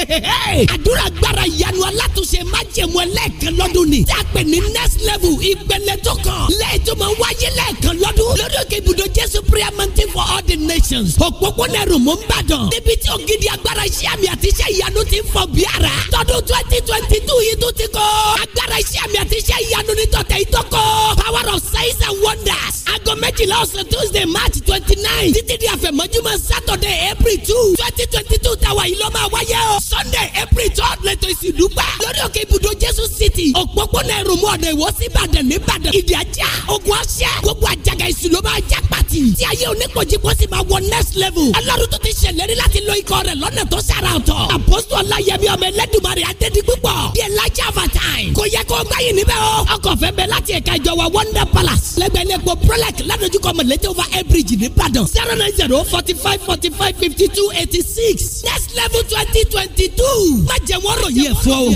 àdúrà gbára ìyanu alátúnṣe májèmú ẹlẹ́ẹ̀kan lọ́dún ni tí a pè ní next level ìpele tó kàn lẹ́yìn tó máa wáyé lẹ́ẹ̀kan lọ́dún lórí òkè ibùdó jésù prayer mountain for all the nations òpópónà ẹ̀rùnmọ́ ń bàdàn níbi tí ògidì agbára iṣẹ́ àmì àti iṣẹ́ ìyanu ti ń fọ bí ara tọdún twenty twenty two yìí tún ti kọ́ agbára iṣẹ́ àmì àti iṣẹ́ ìyanu ní tọ̀tẹ̀ ìtọ́kọ́ power of signs and wonders aago méjìlá ọ̀sán tuesday march twenty nine títí di àfẹ̀mọ́júmọ́ saturday april two twenty twenty two tàwa yìí ló máa wáyé o. sunday april third lẹ́tọ̀ ìsìlú gbà. lórí òkè ibùdó jésù city òpópónà ẹrùmú ọ̀nà ìwọ sí ìbàdàn nìbàdàn. ìdí ajá ogun ọṣẹ gbogbo àjàgà ìsìn ló máa já pàtì. tí ayé oníkojì kó sì máa wọ next level. ọlọ́run tó ti ṣèlérí láti lo ikọ̀ rẹ̀ lọ́nà tó ṣàrà ọ̀tọ̀. àpòsù ọláyẹmí ọmọ ẹlẹ́dùnmarè adédi púpọ̀. bí ẹlájà avatai. kò yẹ kó gbáyìn níbẹ̀ o. ọkọ̀ fẹ́ bẹ láti ẹ̀ka ìjọba wonder palace. lẹ́gbẹ̀ẹ́ lẹ́gbọ̀ prolec ládojúkọ mọ̀lẹ́tẹ̀ over air bridge nìbàdàn. zero nine zero forty five forty five fifty two eight twenty six next level twenty twenty two má jẹ́ wọ́n ròyìn ẹ̀fọ́ o.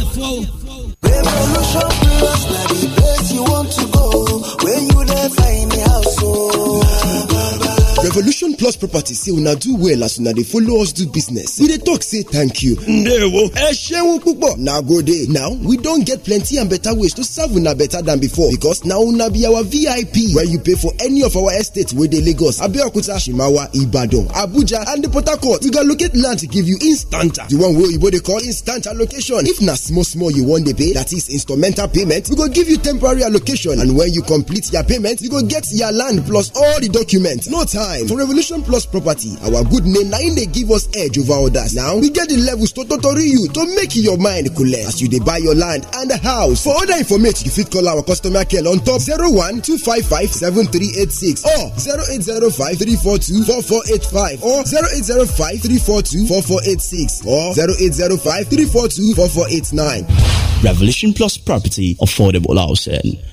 revolution players na the place you want to go when you dey find me house o. Oh revolution plus property say una do well as una dey follow us do business we dey talk say thank you ndewo ẹ ṣeun púpọ̀ na go dey now we don get plenty and better ways to serve una better than before because na una be our vip Where you pay for any of our estates wey dey lagos abeokuta shimawa ibadan abuja and port harcourt we go locate land to give you instanta the one wey oyibo dey call instanta location. if na small small you wan dey pay that is instrumental payment we go give you temporary allocation and when you complete your payment you go get your land plus all the documents no time time for revolution plus property our good name na they give us edge over others now we get the levels to totally you to make your mind collect as you dey buy your land and house for other information you fit call our customer care on top 012557386 or 08053424485 or 08053424486 or 08053424489 revolution plus property affordable housing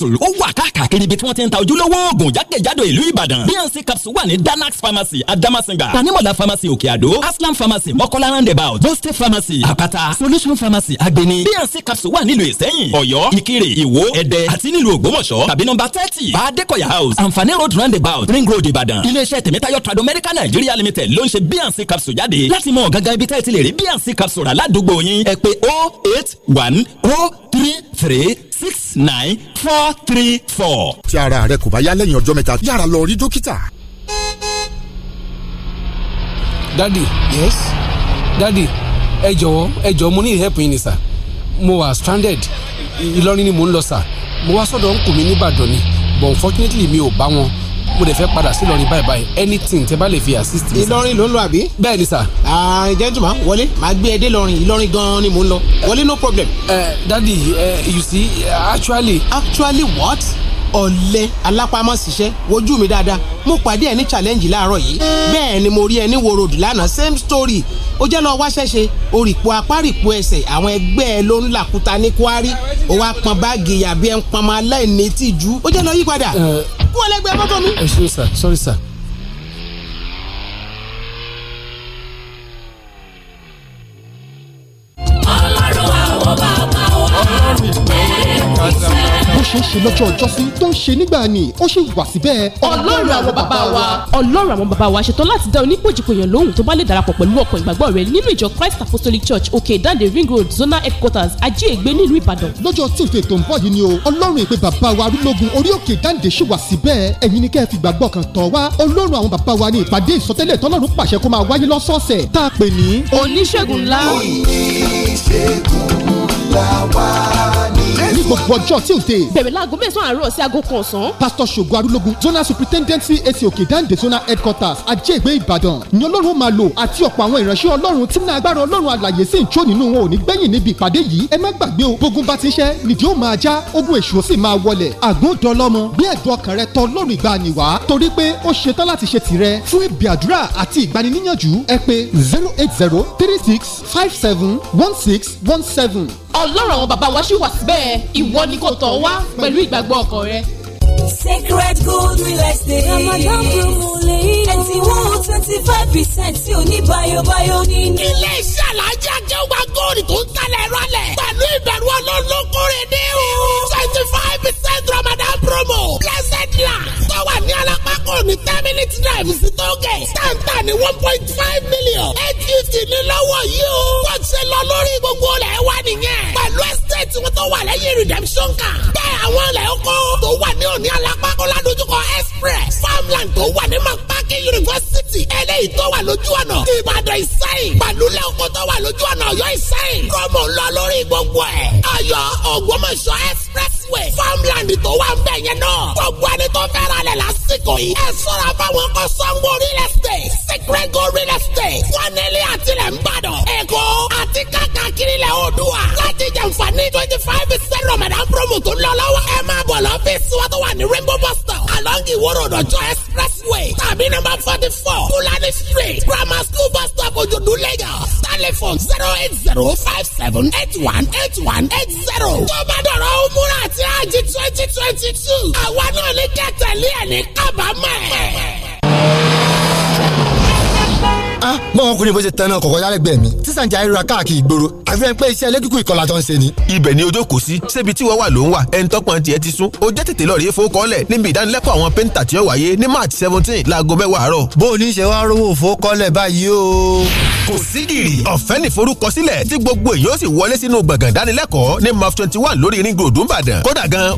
di capsule ó wà káàkiri ibi tí wọ́n ti ń ta ojúlówó oògùn jákèjádò ìlú Ìbàdàn bnc capsule wà ní danax pharmacy adamasinga tanimola pharmacy òkè àdó aslam pharmacy mọ́kọ́lá roundabout boste pharmacy àpáta solution pharmacy agbeni bnc capsule wà nílùú ìsẹ́yìn ọ̀yọ́ ìkirè ìwó ẹ̀dẹ́ àti nílùú ògbómọ̀ṣọ́ tàbí nọmba thirty bá adékọ̀yà house àǹfààní road roundabout ring road ìbàdàn iléeṣẹ́ tèmítáyọ̀ tradomedical nigeria limited ló ń ṣe bnc capsule jáde láti mọ gangan ibi tẹ́ẹ̀ lè rí bnc capsule rà ládùúgbò yín ẹ pé oh eight one oh three three six nine four three four. tí ara rẹ kò bá yá lẹ́yìn ọjọ́ mẹ́ta yára lọ rí dókítà. dadi yes dadi ẹ jọ̀wọ́ ẹ jọ̀ọ́ mo ní help yín ni sà mo wà stranded Ìlọrin ni mo ń lọ sà mo wá sọ́dọ̀ ń kù ni but unfortunately mi ò bá wọn mo dẹ̀ fẹ́ padà sí Ìlọrin báyìí báyìí anything tẹ́ bá lè fi assist mi. Ìlọrin ló ń lọ àbí. bẹ́ẹ̀ ni sà. gentleman wọlé màá gbé ẹ dé Ìlọrin gan-an ni mò ń lọ wọlé no problem. Uh, daddy uh, you see actually. actually what? ọ̀lẹ́ alápámọ́síṣẹ́ wojú mi dáadáa mo pàdé ẹ challenge láàárọ̀ yìí bẹ́ẹ̀ ni mo rí ẹ ní wo road lánàá same story ó jẹ́ lọ́ọ́ wáṣẹ́ṣe orìpò apárìpò ẹsẹ̀ àwọn ẹgbẹ́ ẹ ló ń làkúta ní kwari ó wá pọn báàgì yàbí ẹ ń pọn ọmọ aláìní tìjú ó jẹ́ lọ́ọ́ yí padà kú ọlẹ́gbẹ̀ẹ́ mọ́tò mi. ẹ ṣeun sir sorry sir ṣe ń ṣe lọ́jọ́ ìjọsìn tó ń ṣe nígbà ni ó sì wà síbẹ̀. ọlọ́run àwọn bàbá wa. ọlọ́run àwọn bàbá wa ṣetán láti dá onípojìpòyàn lóhùn tó bá lè darapọ̀ pẹ̀lú ọkọ̀ ìgbàgbọ́ rẹ nínú ìjọ Christ Apostolic Church òkè ìdáǹdè ring road zonal headquarters ajíègbé nílùú Ìbàdàn. lọ́jọ́ tí ìfẹ́ tó ń bọ̀ yìí ni o ọlọ́run ìpè bàbá wa arúgbógun orí òkè ìdáǹdè ṣì wà síbẹ̀ ẹ̀yin ni kẹ́ ẹ fi gbàgbọ́ kan tọ̀ wá ọlọ́run àwọn bàbá wa ní ìpàdé ìsọtẹ́lẹ̀ tọ́lọ́run pàṣẹ kó máa wáyé lọ́sọ̀ọ̀sẹ̀ tá a pè ní. oníṣègùn ńlá. oníṣègùn ńlá ní gbogbo ọjọ́ tuesday. bẹ̀rẹ̀ láago mẹ́sàn-án àárọ̀ sí aago kan ọ̀sán. pastor ṣògo arúlógún zona superintendent cac òkè dande zona headquarters ajégbé ìbàdàn ni ọlọ́run máa lò àti ọ̀pọ̀ àwọn ìránṣẹ́ ọlọ́run tí náà agbára ọlọ́run àlàyé sì ń jó nínú wọn ò ní gbẹ̀yìn níbi ìpàdé yìí ẹ má gbàgbé o bógun bá ti ṣẹ́ nìdí ó máa já ogun èṣù ó sì máa wọlẹ̀ àgùndọ̀lọ́mọ gbé ẹ̀dùn ọkàn rẹ tọ lọ́rùn ìgbàanì wá torí pé zero eight zero three six five seven one six one seven ọlọ́run àwọn bàbá wa ṣì wà síbẹ̀ ìwọ ni kò tọ̀ wá pẹ̀lú ìgbàgbọ́ ọkàn rẹ sacred gold real estate. ramadan promo lẹ́yìn o. ẹ̀dínwó twenty five percent tí o ní bayobayo nínú. ilé iṣẹ́ alájà jẹ́ wa góòlù tó ń tẹ̀lé rọlẹ̀. pẹ̀lú ìbẹ̀rù ọlọ́lọ́kùnrin ní o. twenty five percent ramadan promo blessed land. tó wà ní alápákó ní ten minute drive sí tóge. tàǹtà ní one point five million. eight fifty ní lọ́wọ́ yìí o. wọ́n ti ṣe lọ lórí gbogbo rẹ̀ wá nìyẹn. pẹ̀lú estate wọn tó wà lẹ́yìn redemption kan. bẹ́ẹ̀ àwọn ilẹ̀ ọkọ̀ tó wà ní òn ní alápákọ́lá dojúkọ express farmland tó wà ní mapaki university eléyìí tó wà lójú ọ̀nà ìbàdàn ìsẹ́yìn pàlúlẹ̀ oko tó wà lójú ọ̀nà ọ̀yọ́ ìsẹ́yìn rọ́mọ̀ ńlọ lórí gbogbo ẹ̀ ayọ̀ ògbómọ̀ṣọ́ expressway farmland tó wà ń bẹ̀ yẹn náà gbogbo ẹni tó fẹ́ ra lẹ̀ lásìkò yìí ẹ sọ̀rọ̀ àbáwọn kan sango real estate secret go real estate wọn nílé àtìlẹ̀ ń bàdàn èkó àti kàkà káàkiri ilẹ̀ oòdùà láti jàǹfààní twenty five percent ramadan promo tó lọ lọ́wọ́ ẹ máa bọ̀ lọ́fíìsì wa tó wà ní rainbow bus stop World iworo ọ̀dọ̀jọ́ expressway tàbí number forty four fulani street grammar school bus stop ojoodu lagos telephone zero eight zero five seven eight one eight one eight zero. tó bá dọ̀rọ̀ umura àti àjì twenty twenty two àwa náà ní kẹtẹ̀lé ẹ̀ ní kábàámọ̀ ẹ̀ ah báwọn ọkùnrin bó ṣe tán náà kọ̀kọ́ yálẹ̀gbẹ́ mi tí Sànjá ìrora káàkiri ìgboro àfihàn pé iṣẹ́ elékùkù ìkọlà tó ń ṣe ni. ibẹ̀ ni ojú kò sí ṣébi tí wọ́n wà ló ń wà ẹni tọ́pọ̀ tiẹ̀ ti sún ó jẹ́ tètè lọ́ọ̀rì ìfowókọ́lẹ̀ níbi ìdánilẹ́kọ̀ọ́ àwọn pẹ́ńtà tí ó wáyé ní March seventeen láago mẹ́wàá àárọ̀. bó o ní ṣe wá rówó ìfowókọ́lẹ̀ báyìí o. kò sí gìrì ọ̀fẹ́ nìforúkọsílẹ̀ tí gbogbo èèyàn sì wọlé sínú gbọ̀ngàn ìdánilẹ́kọ̀ọ́ ní MAF twenty one lórí irin gòdùn Ìbàdàn kódà gan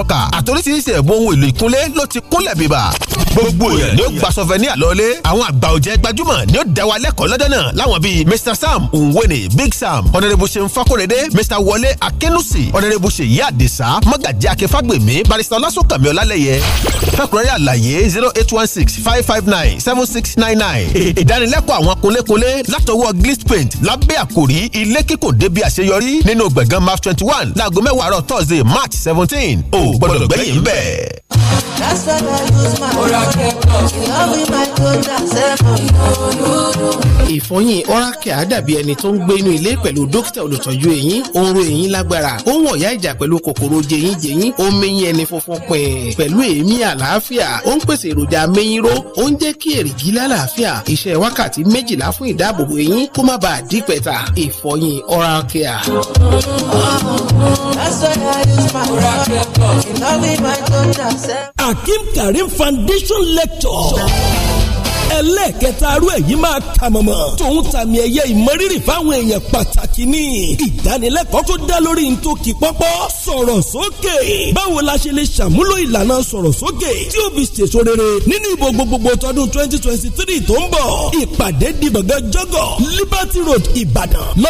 sọ́kà àtòríṣiríṣi ẹ̀bùn ohun èlò ìkúnlé ló ti kúnlẹ̀ bíbà gbogbo èèyàn ni ó gba sọfẹ́níà lọ́lé àwọn àgbà òjẹ́ gbajúmọ̀ ni ó dá wa lẹ́kọ̀ọ́ lọ́jọ́ náà láwọn bíi Mr Sam Nwene Big Sam ọ̀nàrẹ́bù ṣe ń fakóredé Mr Wọlé Akínúsì ọ̀nàrẹ́bù ṣe yí àdìsá mọ́gàjì akínfàgbèmí barista ọlásùnkànmí ọlálẹ́yẹ fẹ́kúrẹ́rẹ́ àlàyé zero eight one six five five nine seven six nine nine ìdánilẹ́kọ̀ọ́ àwọn paint lábẹ́ àkòrí ilé kíkùn débi àṣeyọrí nínú gbẹ̀ngàn maf twenty one Thursday March seventeen o ò gbọ́dọ̀ gbẹ́yìn bẹ́ẹ̀. That's why I use my Oracle Plus. You love me, my total self. Ìfọyín Oracle á dàbí ẹni tó ń gbé inú ilé pẹ̀lú dókítà olùtọ́jú eyín, ó ń ro eyín lágbára, ó ń wọ̀yá ìjà pẹ̀lú kòkòrò jẹyín jẹyín, ó mẹ́yìn ẹni funfun pin, pẹ̀lú èémí àlàáfíà, ó ń pèsè èròjà mẹ́yìnró, ó ń jẹ́ kí èrìgì lálàáfíà, iṣẹ́ wákàtí méjìlá fún ìdáàbòbò eyín kó má bàa dí pẹ̀ta. Ìfọyín Oracle. That's why I use my Oracle Plus akim karim foundation lecture ẹlẹ́ẹ̀kẹta arú èyí máa kà mọ̀mọ́. tòun tàmì ẹ̀yẹ ìmọ̀rírì fáwọn èèyàn pàtàkì ni. ìdánilẹ́kọ̀ọ́ tó dá lórí ntòkì pọ́pọ́ sọ̀rọ̀ sókè. báwo la ṣe lè ṣàmúlò ìlànà sọ̀rọ̀ sókè tí ó fi ṣèso rere nínú ìbò gbogbogbò tọdún twenty tó ń bọ̀. ìpàdé di gbọ̀ngàn jọ́gọ̀ Liberty Road Ìbàdàn lọ́